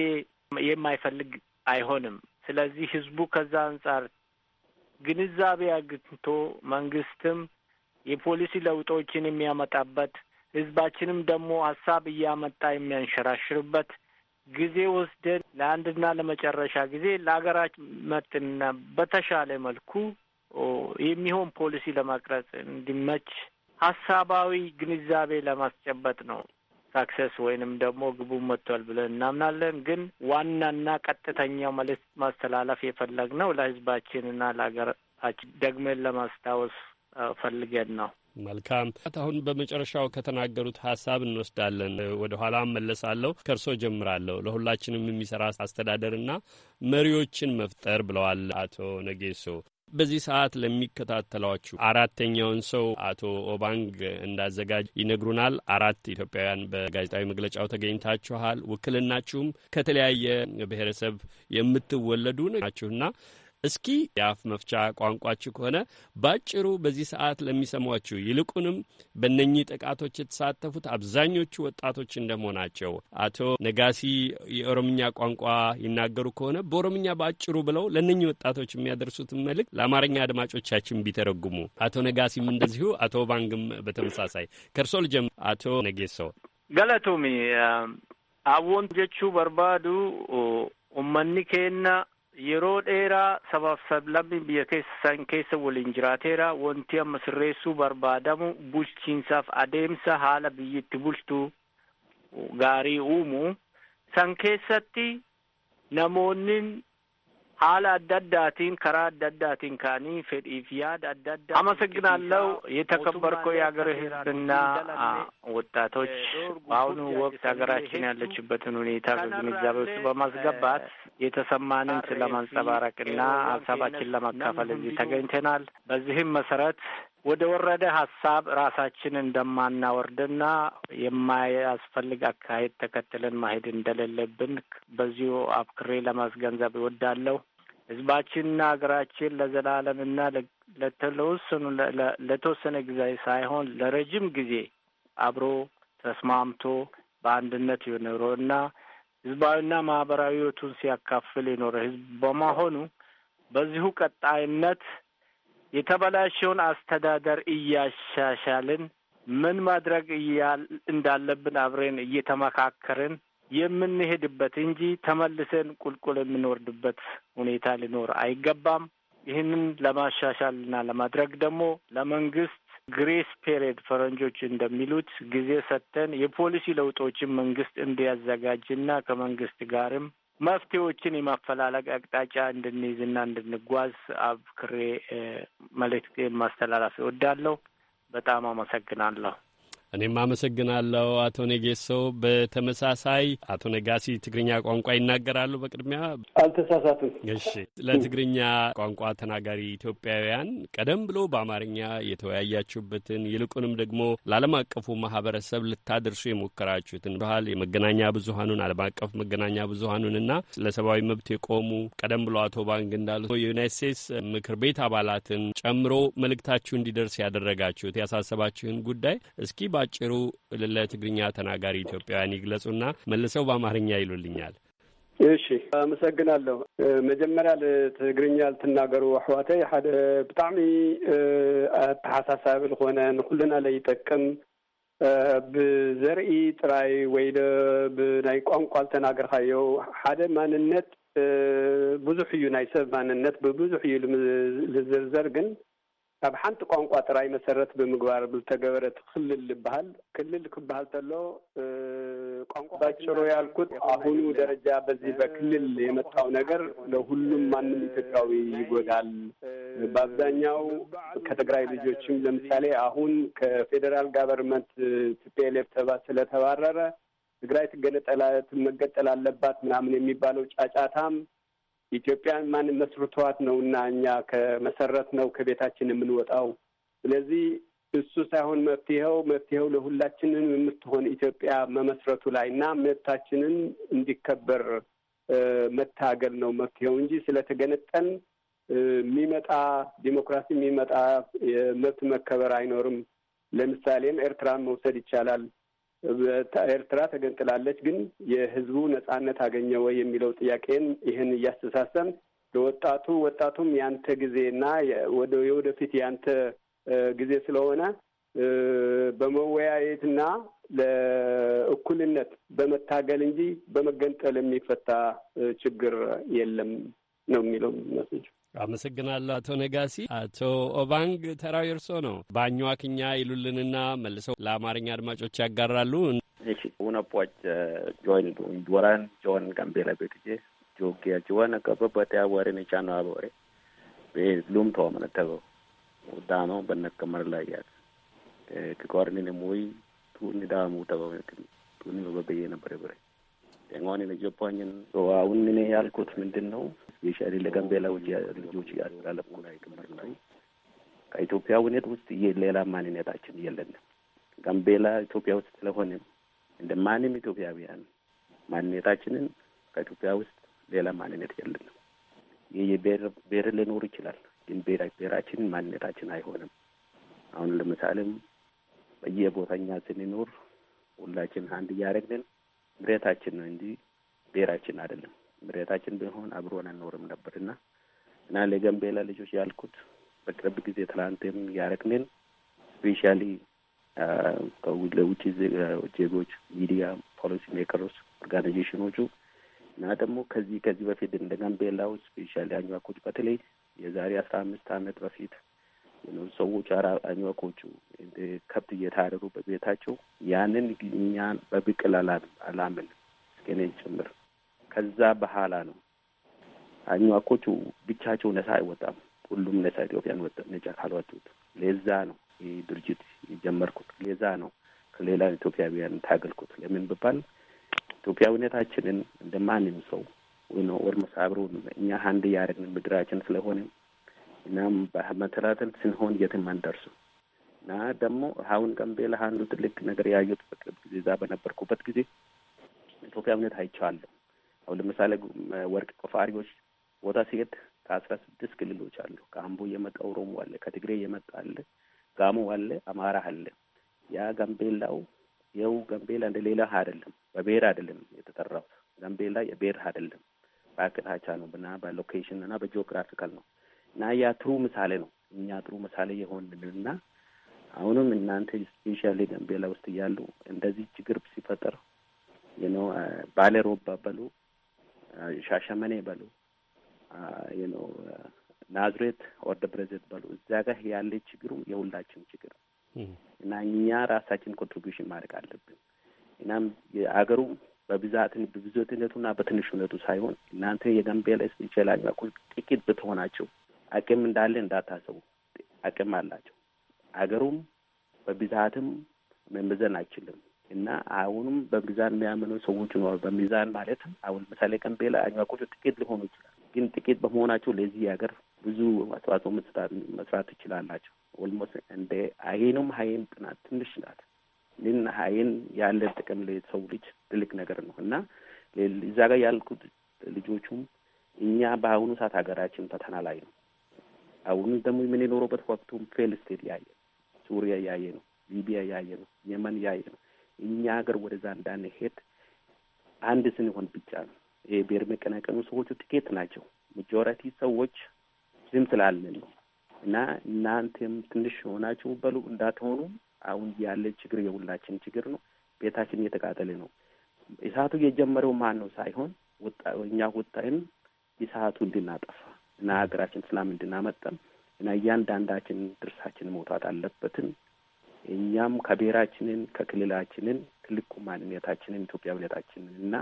የማይፈልግ አይሆንም። ስለዚህ ህዝቡ ከዛ አንጻር ግንዛቤ አግኝቶ መንግስትም የፖሊሲ ለውጦችን የሚያመጣበት ህዝባችንም ደግሞ ሀሳብ እያመጣ የሚያንሸራሽርበት ጊዜ ወስደን ለአንድና ለመጨረሻ ጊዜ ለሀገራችን መጥና በተሻለ መልኩ የሚሆን ፖሊሲ ለማቅረጽ እንዲመች ሀሳባዊ ግንዛቤ ለማስጨበጥ ነው። ሳክሰስ ወይንም ደግሞ ግቡ መጥቷል ብለን እናምናለን። ግን ዋናና ቀጥተኛ መልዕክት ማስተላለፍ የፈለግነው ለህዝባችንና ለሀገራችን ደግመን ለማስታወስ ፈልገን ነው። መልካም አሁን በመጨረሻው ከተናገሩት ሀሳብ እንወስዳለን። ወደ ኋላ መለሳለሁ። ከእርሶ ጀምራለሁ። ለሁላችንም የሚሰራ አስተዳደርና መሪዎችን መፍጠር ብለዋል አቶ ነጌሶ። በዚህ ሰዓት ለሚከታተሏችሁ አራተኛውን ሰው አቶ ኦባንግ እንዳዘጋጅ ይነግሩናል። አራት ኢትዮጵያውያን በጋዜጣዊ መግለጫው ተገኝታችኋል። ውክልናችሁም ከተለያየ ብሔረሰብ የምትወለዱ ናችሁና እስኪ የአፍ መፍቻ ቋንቋችሁ ከሆነ ባጭሩ በዚህ ሰዓት ለሚሰሟችሁ ይልቁንም በእነኚህ ጥቃቶች የተሳተፉት አብዛኞቹ ወጣቶች እንደመሆናቸው አቶ ነጋሲ የኦሮምኛ ቋንቋ ይናገሩ ከሆነ በኦሮምኛ ባጭሩ ብለው ለእነኚህ ወጣቶች የሚያደርሱትን መልእክት ለአማርኛ አድማጮቻችን ቢተረጉሙ። አቶ ነጋሲም እንደዚሁ፣ አቶ ባንግም በተመሳሳይ ከእርሶ ልጀም አቶ ነጌሰው ገለቱሚ አዎን ጀቹ በርባዱ ኡመኒ ኬና yeroo dheeraa sabaaf sablammiin biyya keessa san keessa waliin jiraateera wanti amma sirreessuu barbaadamu bulchiinsaaf adeemsa haala biyyitti bultuu bultu gaarii uumu san keessatti namoonni haala adda addaatiin karaa adda addaatiin kaanii fedhiif yaada adda adda አመሰግናለሁ። የተከበርከው የሀገር ህዝብና ወጣቶች በአሁኑ ወቅት ሀገራችን ያለችበትን ሁኔታ በግንዛቤ ውስጥ በማስገባት የተሰማንን ስለማንጸባረቅና ሀሳባችን ለማካፈል እዚህ ተገኝተናል። በዚህም መሰረት ወደ ወረደ ሀሳብ ራሳችንን እንደማናወርድና የማያስፈልግ አካሄድ ተከትለን ማሄድ እንደሌለብን በዚሁ አብክሬ ለማስገንዘብ ይወዳለሁ። ህዝባችንና ሀገራችን ለዘላለምና ለተወሰኑ ለተወሰነ ጊዜ ሳይሆን ለረጅም ጊዜ አብሮ ተስማምቶ በአንድነት የኖረና ህዝባዊና ማህበራዊ ህይወቱን ሲያካፍል የኖረ ህዝብ በመሆኑ በዚሁ ቀጣይነት የተበላሸውን አስተዳደር እያሻሻልን ምን ማድረግ እያል እንዳለብን አብረን እየተመካከርን የምንሄድበት እንጂ ተመልሰን ቁልቁል የምንወርድበት ሁኔታ ሊኖር አይገባም። ይህንን ለማሻሻል እና ለማድረግ ደግሞ ለመንግስት ግሬስ ፔሪየድ ፈረንጆች እንደሚሉት ጊዜ ሰጥተን የፖሊሲ ለውጦችን መንግስት እንዲያዘጋጅና ከመንግስት ጋርም መፍትሄዎችን የማፈላለግ አቅጣጫ እንድንይዝና እንድንጓዝ አብክሬ መልእክት ማስተላለፍ እወዳለሁ። በጣም አመሰግናለሁ። እኔም አመሰግናለሁ አቶ ኔጌሶ። በተመሳሳይ አቶ ነጋሲ ትግርኛ ቋንቋ ይናገራሉ። በቅድሚያ አልተሳሳትም። እሺ፣ ለትግርኛ ቋንቋ ተናጋሪ ኢትዮጵያውያን ቀደም ብሎ በአማርኛ የተወያያችሁበትን ይልቁንም ደግሞ ለዓለም አቀፉ ማህበረሰብ ልታደርሱ የሞከራችሁትን ባህል የመገናኛ ብዙሀኑን ዓለም አቀፍ መገናኛ ብዙሀኑንና ለሰብአዊ መብት የቆሙ ቀደም ብሎ አቶ ባንግ እንዳሉ የዩናይት ስቴትስ ምክር ቤት አባላትን ጨምሮ መልእክታችሁ እንዲደርስ ያደረጋችሁት ያሳሰባችሁን ጉዳይ እስኪ ባጭሩ ለትግርኛ ተናጋሪ ኢትዮጵያውያን ይግለጹና መልሰው በአማርኛ ይሉልኛል። እሺ አመሰግናለሁ። መጀመሪያ ትግርኛ ልትናገሩ ኣሕዋተይ ሓደ ብጣዕሚ ኣተሓሳሳቢ ዝኾነ ንኩልና ዘይጠቅም ብዘርኢ ጥራይ ወይ ደ ብናይ ቋንቋ ዝተናገርካዮ ሓደ ማንነት ብዙሕ እዩ ናይ ሰብ ማንነት ብብዙሕ እዩ ዝዝርዘር ግን ካብ ሓንቲ ቋንቋ ጥራይ መሰረት ብምግባር ዝተገበረ ክልል ዝበሃል ክልል ክበሃል ተሎ ቋንቋ ባጭሩ ያልኩት አሁኑ ደረጃ በዚህ በክልል የመጣው ነገር ለሁሉም ማንም ኢትዮጵያዊ ይጎዳል። በአብዛኛው ከትግራይ ልጆችም ለምሳሌ አሁን ከፌዴራል ጋቨርንመንት ቲፒኤልኤፍ ስለተባረረ ትግራይ ትገነጠላ መገጠል አለባት ምናምን የሚባለው ጫጫታም ኢትዮጵያን ማን መስርቷት ነው እና እኛ ከመሰረት ነው ከቤታችን የምንወጣው። ስለዚህ እሱ ሳይሆን መፍትሄው መፍትሄው ለሁላችንም የምትሆን ኢትዮጵያ መመስረቱ ላይ እና መብታችንን እንዲከበር መታገል ነው መፍትሄው እንጂ ስለተገነጠን የሚመጣ ዲሞክራሲ የሚመጣ የመብት መከበር አይኖርም። ለምሳሌም ኤርትራን መውሰድ ይቻላል። ኤርትራ ተገንጥላለች፣ ግን የህዝቡ ነጻነት አገኘ ወይ የሚለው ጥያቄን ይህን እያስተሳሰም ለወጣቱ ወጣቱም ያንተ ጊዜና የወደፊት ያንተ ጊዜ ስለሆነ በመወያየትና ለእኩልነት በመታገል እንጂ በመገንጠል የሚፈታ ችግር የለም ነው የሚለው አመሰግናለሁ አቶ ነጋሲ። አቶ ኦባንግ ተራው የእርሶ ነው። ባኟክኛ ይሉልንና መልሰው ለአማርኛ አድማጮች ያጋራሉ። እሺ ውነቧጭ ጆን ጆን ቀንቤላ ቤትጄ ጆጌያ ጅወነ ቀበበት ያወሬ ነቻ ነው አበሬ ብሉም ተወመነ ተበው ውዳኖ በነቀመር ላይ ያለ ክቆርኒን ሙይ ቱኒ ዳሙ ተበው ቱኒ በበበየ ነበር ብሬ ጤንዋኒ ነጆፖኝን አሁን እኔ ያልኩት ምንድን የሻሪ ለጋምቤላ ልጆች ያስተላለፍኩት ጭምር ነው። ውነት ውስጥ ሌላ ማንነታችን የለንም። ጋምቤላ ኢትዮጵያ ውስጥ ስለሆነም እንደ ማንም ኢትዮጵያውያን ማንነታችንን ከኢትዮጵያ ውስጥ ሌላ ማንነት የለንም። ይህ ብሔር ሊኖር ይችላል፣ ግን ብሔራችንን ማንነታችን አይሆንም። አሁን ለምሳሌም በየቦታኛ ስንኖር ሁላችን አንድ እያደረግንን ምሬታችን ነው እንጂ ብሔራችን አይደለም። ምሬታችን ቢሆን አብሮን አንኖርም ነበርና እና ለገንቤላ ልጆች ያልኩት በቅርብ ጊዜ ትላንትም ያረክንን ስፔሻሊ ለውጭ ዜጎች፣ ሚዲያ፣ ፖሊሲ ሜከሮች፣ ኦርጋናይዜሽኖቹ እና ደግሞ ከዚህ ከዚህ በፊት እንደ ጋምቤላው ስፔሻሊ አኝዋኮች በተለይ የዛሬ አስራ አምስት አመት በፊት ሰዎች አኝዋኮቹ ከብት እየታረዱ በቤታቸው ያንን እኛን በብቅል አላምን እስከ ጭምር ከዛ በኋላ ነው አኟኮቹ ብቻቸው ነሳ አይወጣም። ሁሉም ነሳ ኢትዮጵያን ወጣ ነጻ ካልወጡት ለዛ ነው ይህ ድርጅት የጀመርኩት። ለዛ ነው ከሌላ ኢትዮጵያውያን ታገልኩት። ለምን ብባል ኢትዮጵያዊነታችንን እንደ ማንም ሰው ወይ ነው ወር መሳብሮ እኛ አንድ ያደረግን ምድራችን ስለሆነ እናም በመተላተል ስንሆን የትም አንደርሱ እና ደግሞ አሁን ቀንቤላ አንዱ ትልቅ ነገር ያየሁት በቅርብ ጊዜ እዛ በነበርኩበት ጊዜ ኢትዮጵያዊነት አይቻለሁ። አሁን ለምሳሌ ወርቅ ቆፋሪዎች ቦታ ሲሄድ ከአስራ ስድስት ክልሎች አሉ። ከአምቦ የመጣ ኦሮሞ አለ፣ ከትግሬ የመጣ አለ፣ ጋሞ አለ፣ አማራ አለ። ያ ጋምቤላው የው ጋምቤላ እንደ ሌላ አይደለም፣ በብሔር አይደለም የተጠራው ጋምቤላ የብሔር አይደለም። በአቅጣጫ ነው እና በሎኬሽን እና በጂኦግራፊካል ነው እና ያ ትሩ ምሳሌ ነው። እኛ ጥሩ ምሳሌ የሆንንና አሁንም እናንተ ስፔሻሊ ጋምቤላ ውስጥ እያሉ እንደዚህ ችግር ሲፈጠር ባሌ ሮባ በሉ ሻሸመኔ በሉ ነው ናዝሬት ወደ ብሬዘት በሉ እዚያ ጋር ያለ ችግሩ የሁላችን ችግር እና እኛ ራሳችን ኮንትሪቢሽን ማድረግ አለብን። እናም የአገሩ በብዛትን በብዙትነቱና በትንሽነቱ ሳይሆን እናንተ የጋምቤላ ህዝብ ይችላል ጥቂት ብትሆናቸው አቅም እንዳለ እንዳታሰቡ። አቅም አላቸው። አገሩም በብዛትም መመዘን አይችልም። እና አሁንም በሚዛን የሚያምኑ ሰዎች ይኖሩ። በሚዛን ማለት አሁን ምሳሌ ቀንቤላ አኝዋቆቹ ጥቂት ሊሆኑ ይችላል፣ ግን ጥቂት በመሆናቸው ለዚህ ሀገር ብዙ አስተዋጽኦ መስራት ይችላላቸው። ኦልሞስት እንደ አይኑም ሀይን ጥናት ትንሽ ናት፣ ግን ሀይን ያለ ጥቅም ለሰው ልጅ ትልቅ ነገር ነው እና እዛ ጋር ያልኩት ልጆቹም እኛ በአሁኑ ሰዓት ሀገራችን ፈተና ላይ ነው። አሁን ደግሞ የምንኖረበት ወቅቱም ፌል ስቴት ያየ ሱሪያ ያየ ነው፣ ሊቢያ ያየ ነው፣ የመን ያየ ነው። እኛ ሀገር ወደዛ እንዳንሄድ አንድ ስንሆን ብቻ ነው። ይሄ ብሔር መቀናቀኑ ሰዎቹ ጥቂት ናቸው። መጆሪቲ ሰዎች ዝም ስላለን ነው እና እናንተም ትንሽ የሆናችሁ በሉ እንዳትሆኑ። አሁን ያለ ችግር የሁላችን ችግር ነው። ቤታችን እየተቃጠለ ነው። እሳቱ የጀመረው ማን ነው ሳይሆን እኛ ወጣይን እሳቱ እንድናጠፋ እና ሀገራችን ሰላም እንድናመጠም እና እያንዳንዳችን ድርሳችን መውጣት አለበትን እኛም ከብሔራችንን ከክልላችንን ትልቁ ማንነታችንን ኢትዮጵያ ብለታችንን እና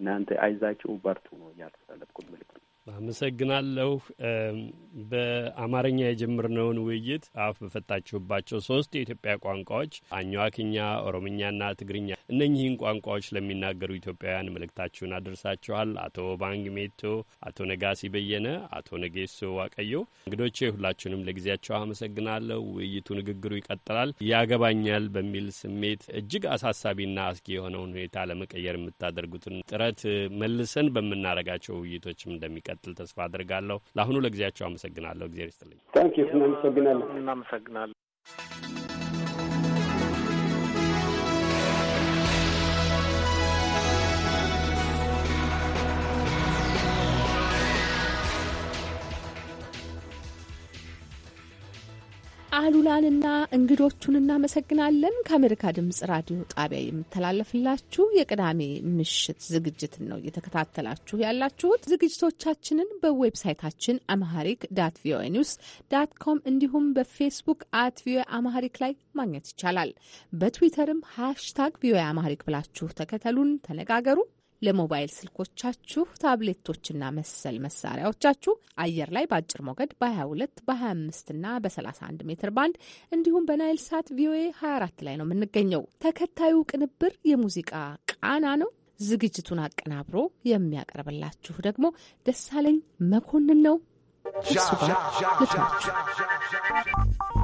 እናንተ አይዛችሁ በርቱ ነው እያልተሳለፍኩት እያስተላለፍኩት ነው። አመሰግናለሁ። በአማርኛ የጀመርነውን ውይይት አፍ በፈታችሁባቸው ሶስት የኢትዮጵያ ቋንቋዎች አኝዋክኛ፣ ኦሮምኛና ትግርኛ እነኚህን ቋንቋዎች ለሚናገሩ ኢትዮጵያውያን መልእክታችሁን አድርሳችኋል። አቶ ባንግ ሜቶ፣ አቶ ነጋሲ በየነ፣ አቶ ነጌሶ ዋቀዮ እንግዶቼ ሁላችሁንም ለጊዜያቸው አመሰግናለሁ። ውይይቱ ንግግሩ ይቀጥላል። ያገባኛል በሚል ስሜት እጅግ አሳሳቢና አስጊ የሆነውን ሁኔታ ለመቀየር የምታደርጉትን ጥረት መልሰን በምናረጋቸው ውይይቶችም እንደሚቀጥል ተስፋ አድርጋለሁ። ለአሁኑ ለጊዜያቸው አመሰግናለሁ። እግዜር ይስጥልኝ። እናመሰግናለሁ። አሉላንና እንግዶቹን እናመሰግናለን። ከአሜሪካ ድምጽ ራዲዮ ጣቢያ የምተላለፍላችሁ የቅዳሜ ምሽት ዝግጅትን ነው እየተከታተላችሁ ያላችሁት። ዝግጅቶቻችንን በዌብሳይታችን አማሃሪክ ዳት ቪኦኤ ኒውስ ዳት ኮም እንዲሁም በፌስቡክ አት ቪኦኤ አማሃሪክ ላይ ማግኘት ይቻላል። በትዊተርም ሃሽታግ ቪኦኤ አማሪክ ብላችሁ ተከተሉን፣ ተነጋገሩ። ለሞባይል ስልኮቻችሁ ታብሌቶችና መሰል መሳሪያዎቻችሁ አየር ላይ በአጭር ሞገድ በ22 በ25 እና በ31 ሜትር ባንድ እንዲሁም በናይል ሳት ቪኦኤ 24 ላይ ነው የምንገኘው። ተከታዩ ቅንብር የሙዚቃ ቃና ነው። ዝግጅቱን አቀናብሮ የሚያቀርብላችሁ ደግሞ ደሳለኝ መኮንን ነው። እሱ ጋር ልትናችሁ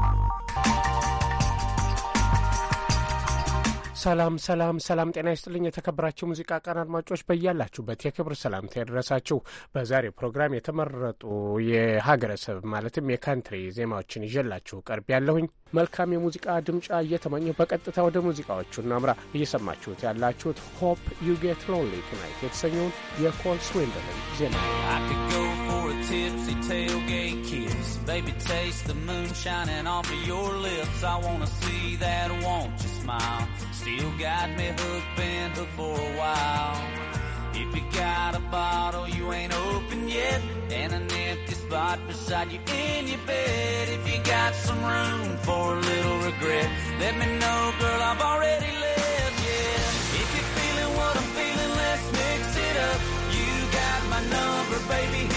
ሰላም ሰላም ሰላም፣ ጤና ይስጥልኝ የተከበራችሁ ሙዚቃ ቀን አድማጮች በያላችሁበት የክብር ሰላምታ ይድረሳችሁ። በዛሬው ፕሮግራም የተመረጡ የሀገረሰብ ማለትም የካንትሪ ዜማዎችን ይዤላችሁ ቀርብ ያለሁኝ መልካም የሙዚቃ ድምጫ እየተመኘሁ በቀጥታ ወደ ሙዚቃዎቹ እናምራ። እየሰማችሁት ያላችሁት ሆፕ ዩ ጌት ሎንሊ ቱናይት የተሰኘውን የኮል ስዊንደርን ዜማ tipsy tailgate kiss baby taste the moon shining off of your lips I wanna see that won't you smile Still got me hooked, been hooked for a while. If you got a bottle you ain't open yet, and an empty spot beside you in your bed, if you got some room for a little regret, let me know, girl, I've already left. yeah. If you're feeling what I'm feeling, let's mix it up. You got my number, baby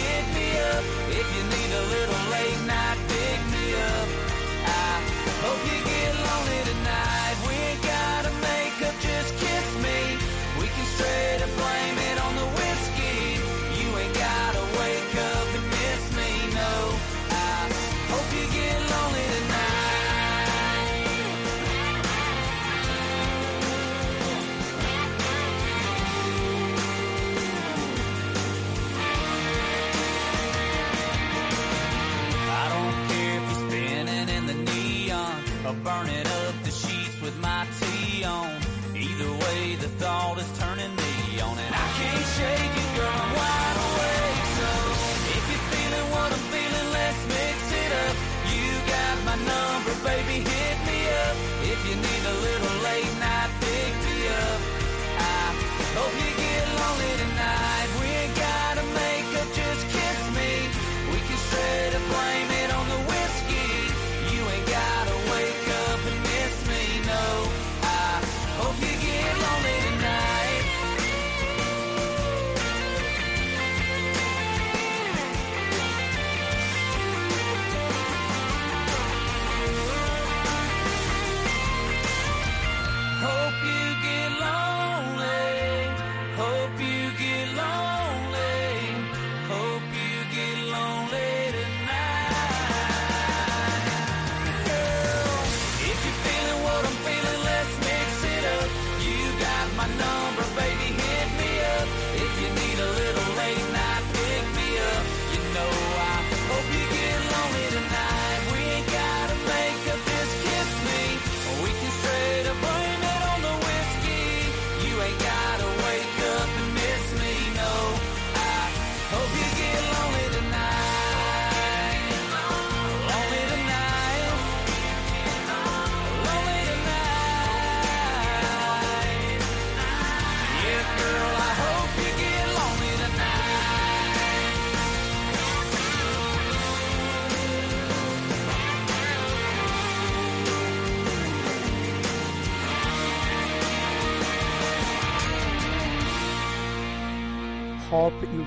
burning.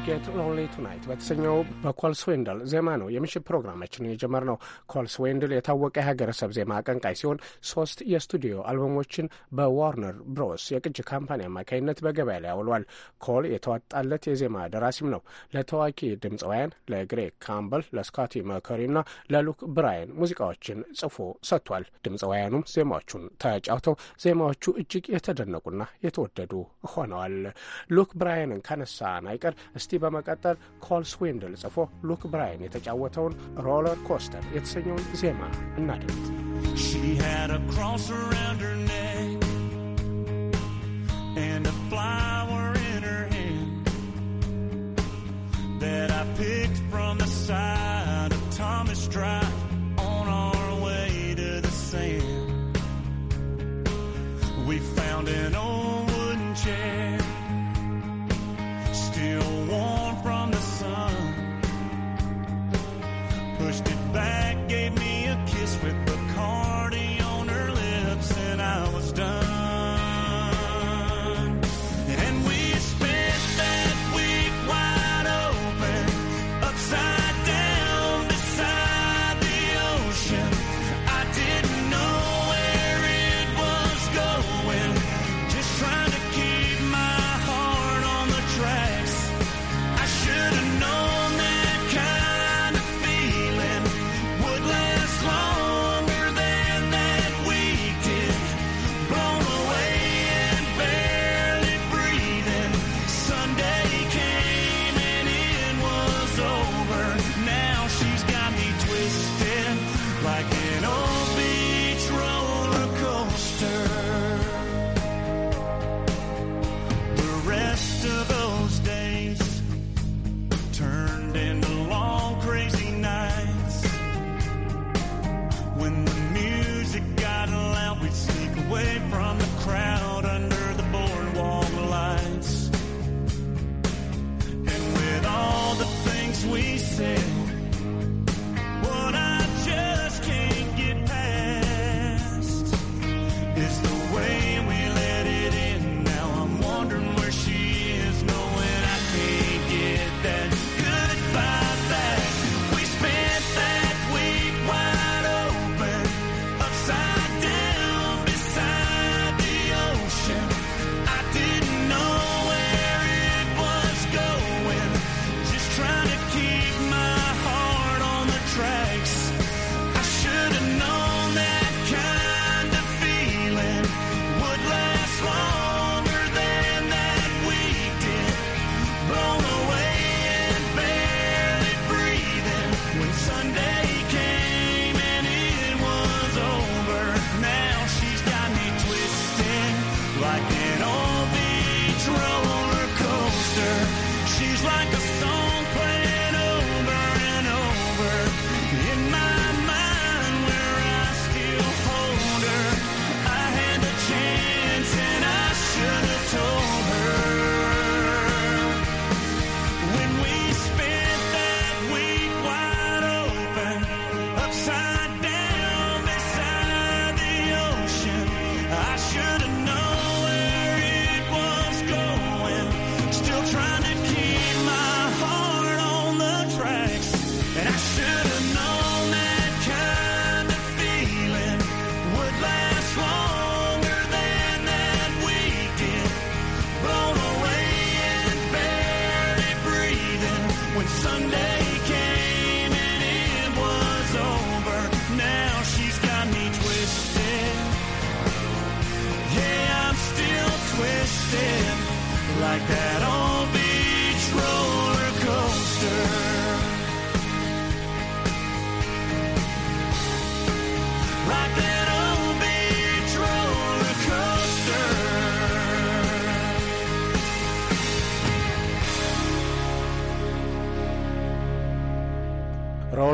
ጌት ሎንሊ ቱናይት በተሰኘው በኮልስ ዌንድል ዜማ ነው የምሽት ፕሮግራማችን የጀመርነው። ኮልስ ዌንድል የታወቀ የሀገረሰብ ዜማ አቀንቃይ ሲሆን ሶስት የስቱዲዮ አልበሞችን በዋርነር ብሮስ የቅጅ ካምፓኒ አማካኝነት በገበያ ላይ አውሏል። ኮል የተዋጣለት የዜማ ደራሲም ነው። ለታዋቂ ድምፃውያን ለግሬግ ካምበል፣ ለስካቲ እና ለሉክ ብራያን ሙዚቃዎችን ጽፎ ሰጥቷል። ድምፃውያኑም ዜማዎቹን ተጫውተው ዜማዎቹ እጅግ የተደነቁና የተወደዱ ሆነዋል። ሉክ ብራያንን ከነሳን አይቀር እስቲ ከዚህ በመቀጠል ኮል ስዊንድል ጽፎ ሉክ ብራይን የተጫወተውን ሮለር ኮስተር የተሰኘውን ዜማ She had a cross around her neck and a flower in her hand that I picked from the side of Thomas Drive.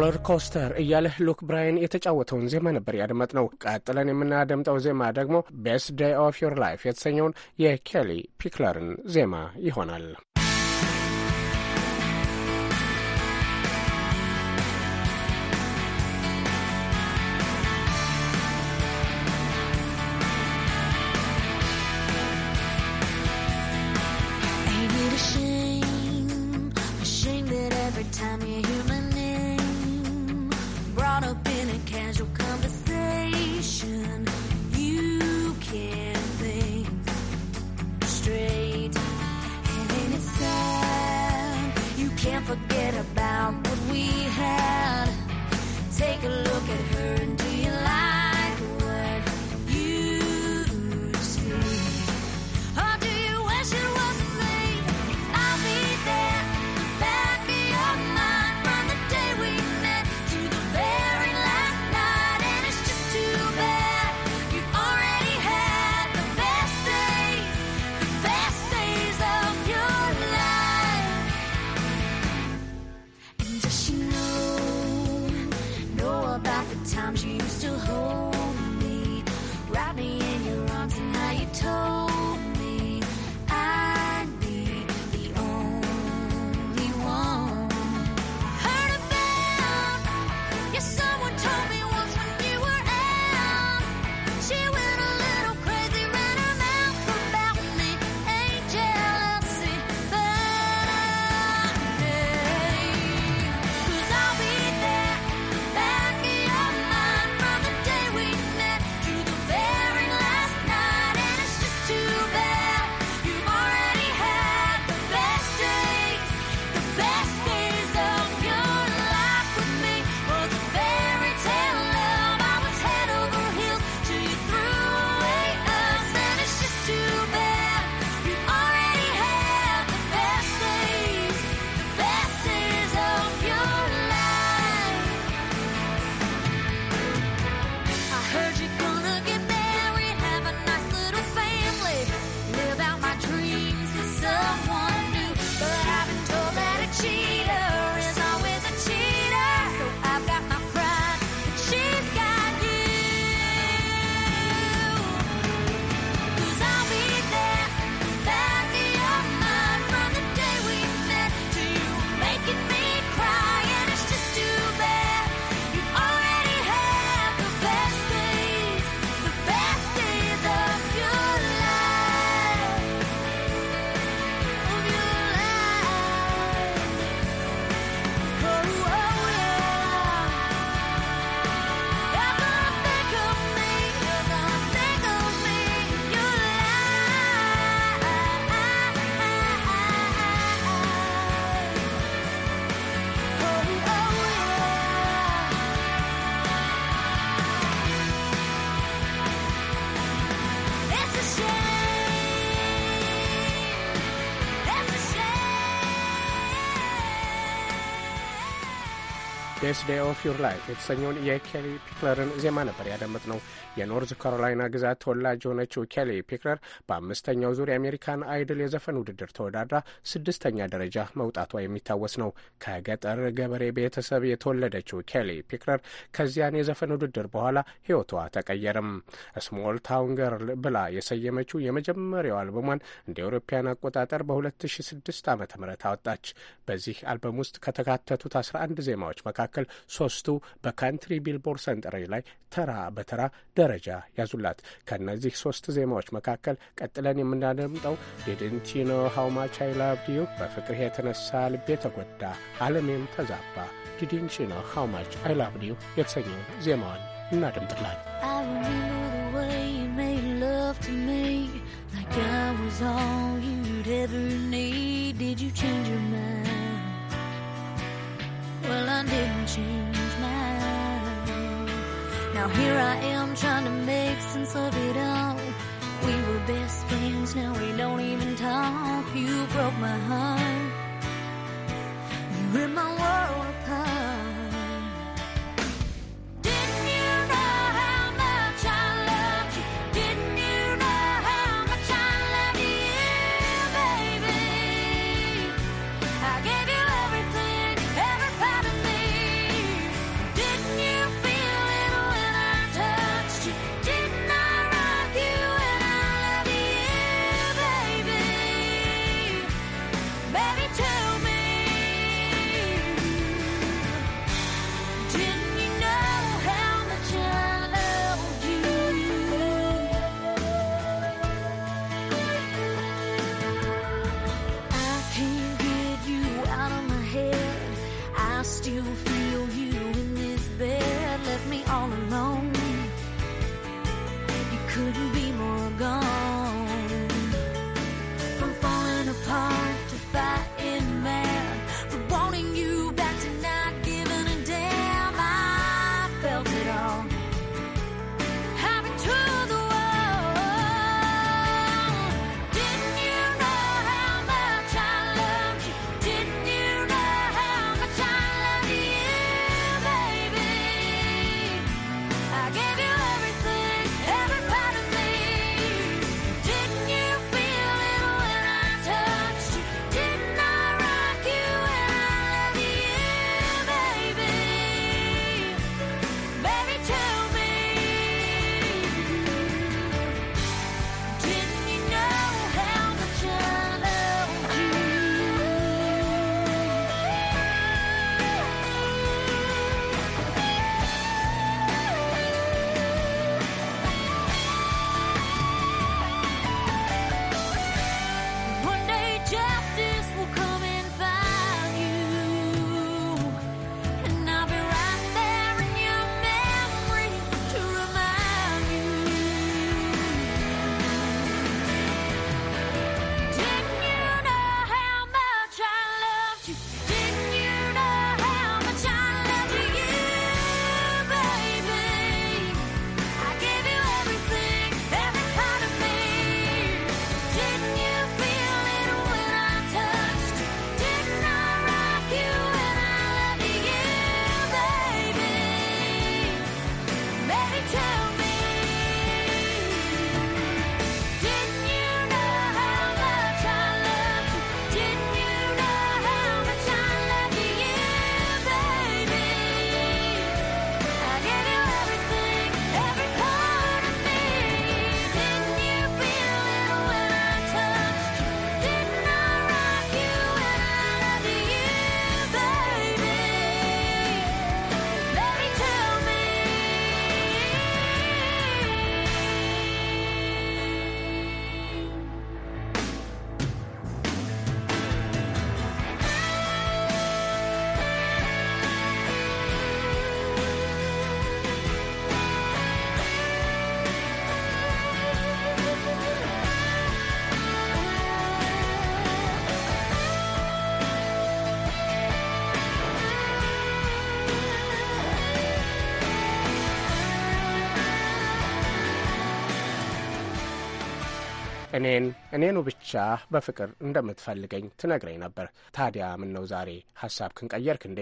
ሮለር ኮስተር እያለ ሉክ ብራይን የተጫወተውን ዜማ ነበር ያደመጥ ነው። ቀጥለን የምናደምጠው ዜማ ደግሞ ቤስት ዴይ ኦፍ ዮር ላይፍ የተሰኘውን የኬሊ ፒክለርን ዜማ ይሆናል። Time you can look at her. ቤስት ዴይ ኦፍ ዩር ላይፍ የተሰኘውን የኬሊ ፒክለርን ዜማ ነበር ያደመጥ ነው። የኖርዝ ካሮላይና ግዛት ተወላጅ የሆነችው ኬሊ ፒክለር በአምስተኛው ዙር የአሜሪካን አይድል የዘፈን ውድድር ተወዳድራ ስድስተኛ ደረጃ መውጣቷ የሚታወስ ነው። ከገጠር ገበሬ ቤተሰብ የተወለደችው ኬሊ ፒክለር ከዚያን የዘፈን ውድድር በኋላ ሕይወቷ ተቀየረም። ስሞል ታውን ገርል ብላ የሰየመችው የመጀመሪያው አልበሟን እንደ አውሮፓውያን አቆጣጠር በ2006 ዓ ም አወጣች። በዚህ አልበም ውስጥ ከተካተቱት 11 ዜማዎች መካከል መካከል ሶስቱ በካንትሪ ቢልቦርድ ሰንጠረዥ ላይ ተራ በተራ ደረጃ ያዙላት። ከእነዚህ ሶስት ዜማዎች መካከል ቀጥለን የምናደምጠው ዲድንት ዩ ኖው ሃው ማች አይ ላቭድ ዩ፣ በፍቅርህ የተነሳ ልቤ ተጎዳ ዓለሜም ተዛባ፣ ዲድንት ዩ ኖው ሃው ማች አይ ላቭድ ዩ የተሰኘው ዜማዋን እናደምጥላል። I Did you change your mind? Well, I didn't change my mind. Now here I am trying to make sense of it all. We were best friends, now we don't even talk. You broke my heart. You ripped my world apart. እኔን እኔኑ ብቻ በፍቅር እንደምትፈልገኝ ትነግረኝ ነበር። ታዲያ ምነው ዛሬ ሀሳብ ቀየርክ እንዴ?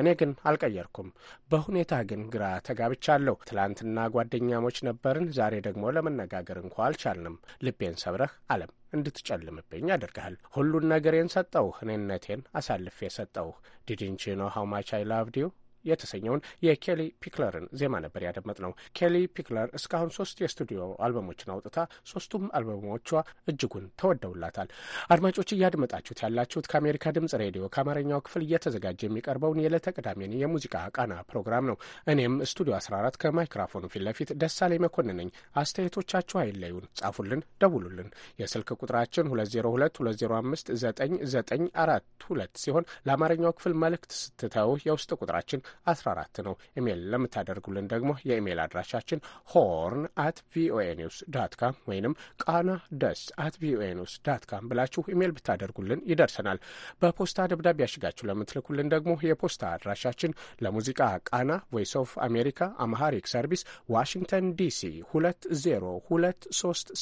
እኔ ግን አልቀየርኩም። በሁኔታ ግን ግራ ተጋብቻለሁ። ትላንትና ጓደኛሞች ነበርን፣ ዛሬ ደግሞ ለመነጋገር እንኳ አልቻልንም። ልቤን ሰብረህ አለም እንድትጨልምብኝ ያደርግሃል። ሁሉን ነገሬን ሰጠው እኔነቴን አሳልፌ ሰጠው ዲድንቺ ኖ ሀው ማች አይ ላቭድ ዩ የተሰኘውን የኬሊ ፒክለርን ዜማ ነበር ያደመጥ ነው። ኬሊ ፒክለር እስካሁን ሶስት የስቱዲዮ አልበሞችን አውጥታ ሶስቱም አልበሞቿ እጅጉን ተወደውላታል። አድማጮች እያድመጣችሁት ያላችሁት ከአሜሪካ ድምጽ ሬዲዮ ከአማርኛው ክፍል እየተዘጋጀ የሚቀርበውን የዕለተ ቅዳሜን የሙዚቃ ቃና ፕሮግራም ነው። እኔም ስቱዲዮ 14 ከማይክራፎኑ ፊት ለፊት ደሳለኝ መኮንን ነኝ። አስተያየቶቻችሁ አይለዩን፣ ጻፉልን፣ ደውሉልን። የስልክ ቁጥራችን 2022059942 ሲሆን ለአማርኛው ክፍል መልእክት ስትተው የውስጥ ቁጥራችን 14 ነው። ኢሜይል ለምታደርጉልን ደግሞ የኢሜይል አድራሻችን ሆርን አት ቪኦኤ ኒውስ ዳት ካም ወይንም ቃና ደስ አት ቪኦኤ ኒውስ ዳት ካም ብላችሁ ኢሜይል ብታደርጉልን ይደርሰናል። በፖስታ ደብዳቤ ያሽጋችሁ ለምትልኩልን ደግሞ የፖስታ አድራሻችን ለሙዚቃ ቃና ቮይስ ኦፍ አሜሪካ አምሃሪክ ሰርቪስ ዋሽንግተን ዲሲ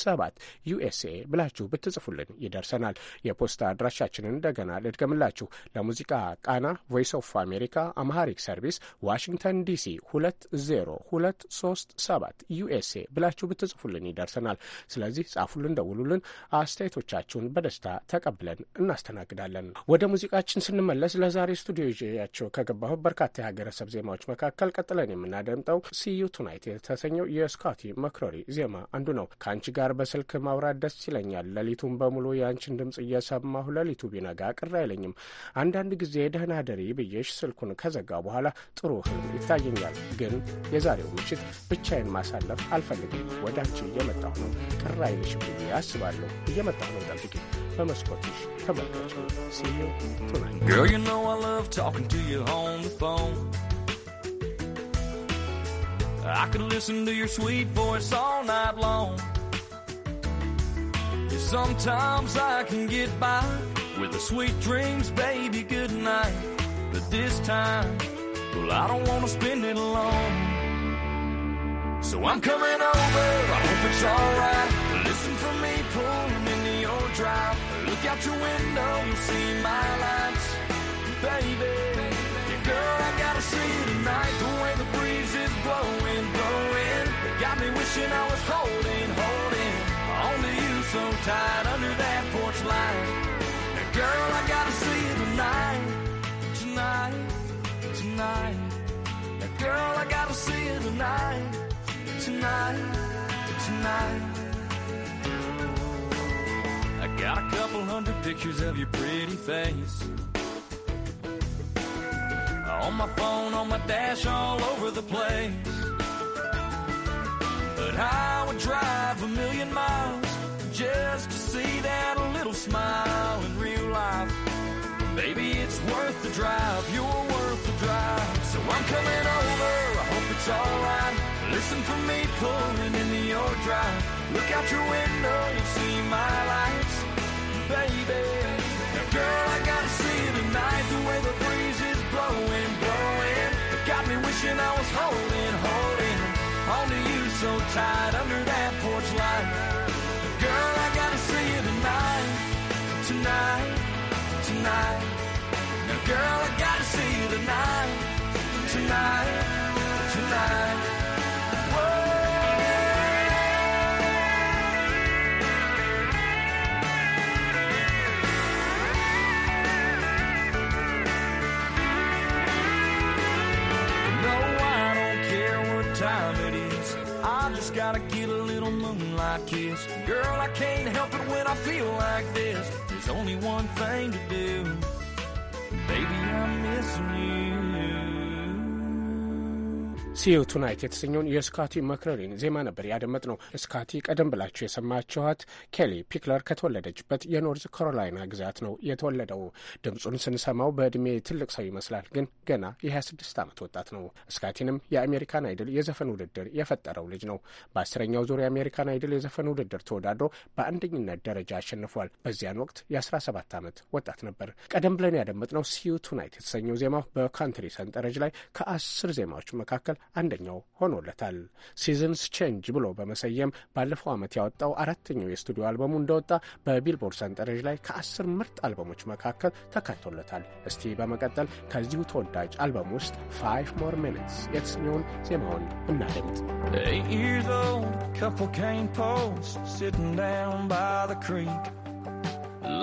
ሰባት ዩኤስኤ ብላችሁ ብትጽፉልን ይደርሰናል። የፖስታ አድራሻችንን እንደገና ልድገምላችሁ። ለሙዚቃ ቃና ቮይስ ኦፍ አሜሪካ አምሃሪክ ሰርቪስ ሰርቪስ ዋሽንግተን ዲሲ 20237 ዩኤስኤ ብላችሁ ብትጽፉልን ይደርሰናል። ስለዚህ ጻፉልን፣ ደውሉልን። አስተያየቶቻችሁን በደስታ ተቀብለን እናስተናግዳለን። ወደ ሙዚቃችን ስንመለስ ለዛሬ ስቱዲዮ ይዤያቸው ከገባሁ በርካታ የሀገረሰብ ዜማዎች መካከል ቀጥለን የምናደምጠው ሲዩ ቱናይት የተሰኘው የስኮቲ መክሮሪ ዜማ አንዱ ነው። ከአንቺ ጋር በስልክ ማውራት ደስ ይለኛል። ሌሊቱን በሙሉ የአንቺን ድምጽ እየሰማሁ ሌሊቱ ቢነጋ ቅር አይለኝም። አንዳንድ ጊዜ ደህና ደሪ ብዬሽ ስልኩን ከዘጋ በኋላ ጥሩ ይታየኛል። ግን የዛሬው ምሽት ብቻዬን ማሳለፍ አልፈልግም። እየመጣሁ ነው። ቅር ብዬ አስባለሁ። እየመጣሁ ነው። ጠብቂ በመስኮትሽ Girl, you know I love talking to you on the phone. I could listen to your sweet voice all night long. Sometimes I can get by with the sweet dreams, baby, good night. But this time well, I don't wanna spend it alone. So I'm coming over, I hope it's alright. Listen for me pulling into your drive. Look out your window, and see my lights. Baby, yeah, girl, I gotta see you tonight. The way the breeze is blowing, blowing. It got me wishing I was holding, holding on to you so tight. tonight, tonight, tonight. I got a couple hundred pictures of your pretty face. On my phone, on my dash, all over the place. But I would drive a million miles just to see that little smile in real life. Baby, it's worth the drive. You're worth the drive. So I'm coming over. I hope it's alright. Listen for me pulling in your drive. Look out your window. You see my lights, baby. Now, girl, I gotta see you tonight. The way the breeze is blowing, blowing. got me wishing I was holding, holding onto you so tight under. Girl, I gotta see you tonight, tonight, tonight. No, I don't care what time it is. I just gotta get a little moonlight kiss. Girl, I can't help it when I feel like this. There's only one thing to do this news. ሲዩ ቱናይት የተሰኘውን የስካቲ መክረሪን ዜማ ነበር ያደመጥ ነው። ስካቲ ቀደም ብላችሁ የሰማችኋት ኬሊ ፒክለር ከተወለደችበት የኖርዝ ካሮላይና ግዛት ነው የተወለደው። ድምፁን ስንሰማው በእድሜ ትልቅ ሰው ይመስላል፣ ግን ገና የ26 ዓመት ወጣት ነው። ስካቲንም የአሜሪካን አይድል የዘፈን ውድድር የፈጠረው ልጅ ነው። በአስረኛው ዙር የአሜሪካን አይድል የዘፈን ውድድር ተወዳድሮ በአንደኝነት ደረጃ አሸንፏል። በዚያን ወቅት የ17 ዓመት ወጣት ነበር። ቀደም ብለን ነው ሲዩ ቱናይት የተሰኘው ዜማው በካንትሪ ሰንጠረዥ ላይ ከአስር ዜማዎች መካከል አንደኛው ሆኖለታል። ሲዝንስ ቼንጅ ብሎ በመሰየም ባለፈው ዓመት ያወጣው አራተኛው የስቱዲዮ አልበሙ እንደወጣ በቢልቦርድ ሰንጠረዥ ላይ ከአስር ምርጥ አልበሞች መካከል ተካቶለታል። እስቲ በመቀጠል ከዚሁ ተወዳጅ አልበም ውስጥ ፋይቭ ሞር ሚኒትስ የተሰኘውን ዜማውን እናደምጥ።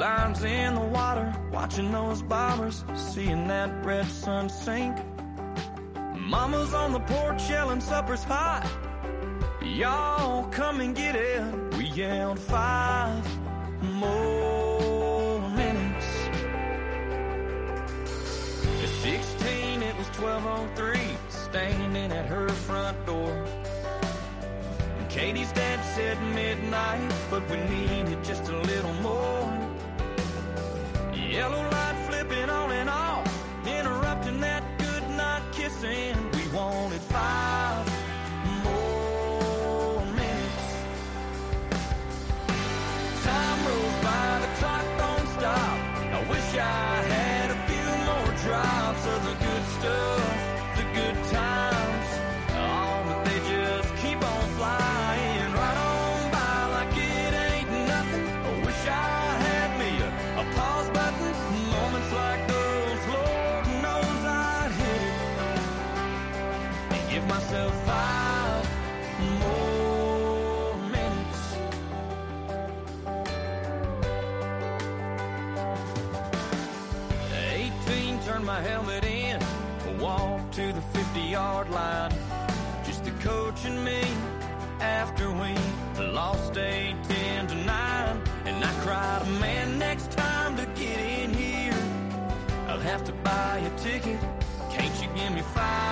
Lines in the water, watching those bombers, seeing that red sun sink. Mama's on the porch yelling supper's hot. Y'all come and get it. We yelled five more minutes. At 16, it was 1203, standing at her front door. And Katie's dad said midnight, but we needed just a little more. Yellow light flipping on and off, interrupting that good night kissing. wish I 50 yard line. Just the coach and me after we lost 8 10 to 9. And I cried, man, next time to get in here, I'll have to buy a ticket. Can't you give me five?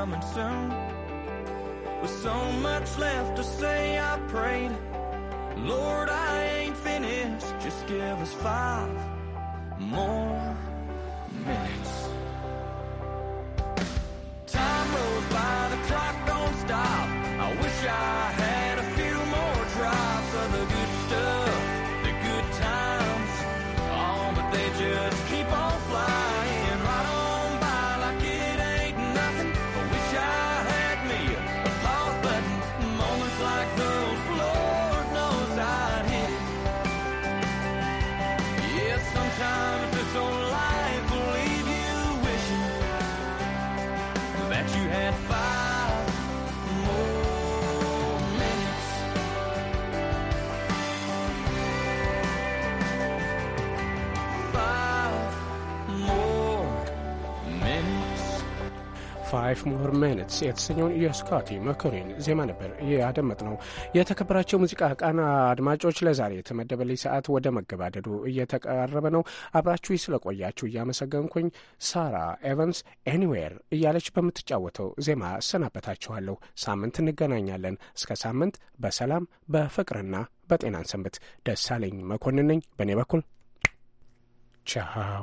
coming soon. With so much left to say, I prayed, Lord, I ain't finished. Just give us five more ፋይቭ ሞር ሚኒትስ የተሰኘውን የስኮቲ መኮንን ዜማ ነበር ነው። የተከበራቸው ሙዚቃ ቃና አድማጮች ለዛሬ የተመደበልኝ ሰዓት ወደ መገባደዱ እየተቃረበ ነው። አብራችሁ ስለቆያችሁ እያመሰገንኩኝ ሳራ ኤቨንስ ኤኒዌር እያለች በምትጫወተው ዜማ እሰናበታችኋለሁ። ሳምንት እንገናኛለን። እስከ ሳምንት በሰላም በፍቅርና በጤናን ሰንብት። ደሳለኝ መኮንን ነኝ በእኔ በኩል ቻው።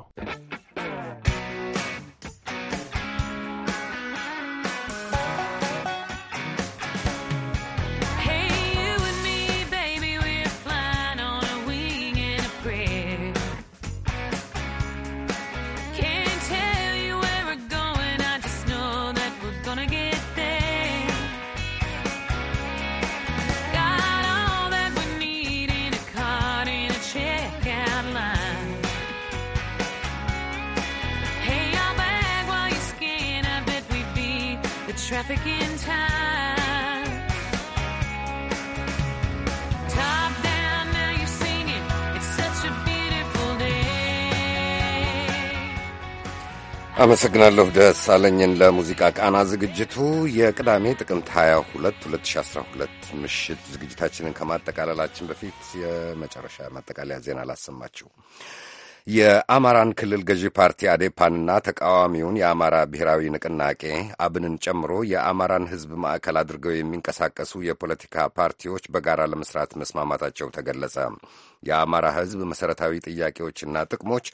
አመሰግናለሁ ደሳለኝን ለሙዚቃ ቃና ዝግጅቱ። የቅዳሜ ጥቅምት 22 2012 ምሽት ዝግጅታችንን ከማጠቃለላችን በፊት የመጨረሻ ማጠቃለያ ዜና ላሰማችሁ የአማራን ክልል ገዢ ፓርቲ አዴፓንና ተቃዋሚውን የአማራ ብሔራዊ ንቅናቄ አብንን ጨምሮ የአማራን ሕዝብ ማዕከል አድርገው የሚንቀሳቀሱ የፖለቲካ ፓርቲዎች በጋራ ለመስራት መስማማታቸው ተገለጸ። የአማራ ሕዝብ መሠረታዊ ጥያቄዎችና ጥቅሞች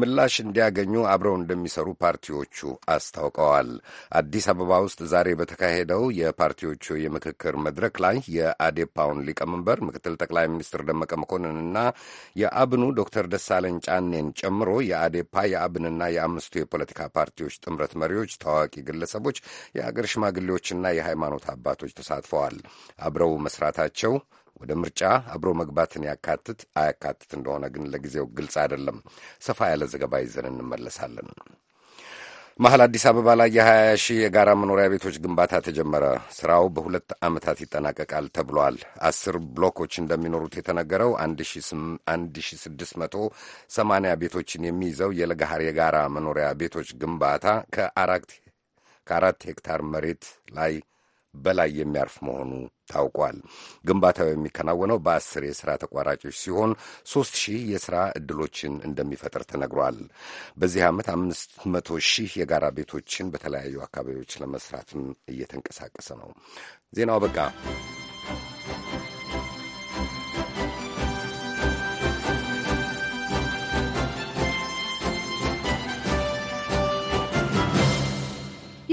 ምላሽ እንዲያገኙ አብረው እንደሚሰሩ ፓርቲዎቹ አስታውቀዋል። አዲስ አበባ ውስጥ ዛሬ በተካሄደው የፓርቲዎቹ የምክክር መድረክ ላይ የአዴፓውን ሊቀመንበር ምክትል ጠቅላይ ሚኒስትር ደመቀ መኮንንና የአብኑ ዶክተር ደሳለኝ ጫኔን ጨምሮ የአዴፓ የአብንና የአምስቱ የፖለቲካ ፓርቲዎች ጥምረት መሪዎች፣ ታዋቂ ግለሰቦች፣ የአገር ሽማግሌዎችና የሃይማኖት አባቶች ተሳትፈዋል። አብረው መስራታቸው ወደ ምርጫ አብሮ መግባትን ያካትት አያካትት እንደሆነ ግን ለጊዜው ግልጽ አይደለም። ሰፋ ያለ ዘገባ ይዘን እንመለሳለን። መሀል አዲስ አበባ ላይ የ20 ሺህ የጋራ መኖሪያ ቤቶች ግንባታ ተጀመረ። ስራው በሁለት ዓመታት ይጠናቀቃል ተብሏል። አስር ብሎኮች እንደሚኖሩት የተነገረው 1680 ቤቶችን የሚይዘው የለገሃር የጋራ መኖሪያ ቤቶች ግንባታ ከአራት ሄክታር መሬት ላይ በላይ የሚያርፍ መሆኑ ታውቋል። ግንባታው የሚከናወነው በአስር የሥራ ተቋራጮች ሲሆን ሦስት ሺህ የሥራ ዕድሎችን እንደሚፈጥር ተነግሯል። በዚህ ዓመት አምስት መቶ ሺህ የጋራ ቤቶችን በተለያዩ አካባቢዎች ለመስራትም እየተንቀሳቀሰ ነው። ዜናው በቃ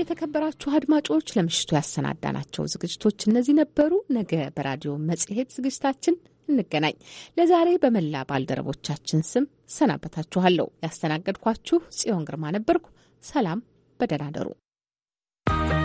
የተከበራችሁ አድማጮች ለምሽቱ ያሰናዳናቸው ዝግጅቶች እነዚህ ነበሩ። ነገ በራዲዮ መጽሔት ዝግጅታችን እንገናኝ። ለዛሬ በመላ ባልደረቦቻችን ስም ሰናበታችኋለሁ። ያስተናገድኳችሁ ጽዮን ግርማ ነበርኩ። ሰላም፣ በደህና ደሩ።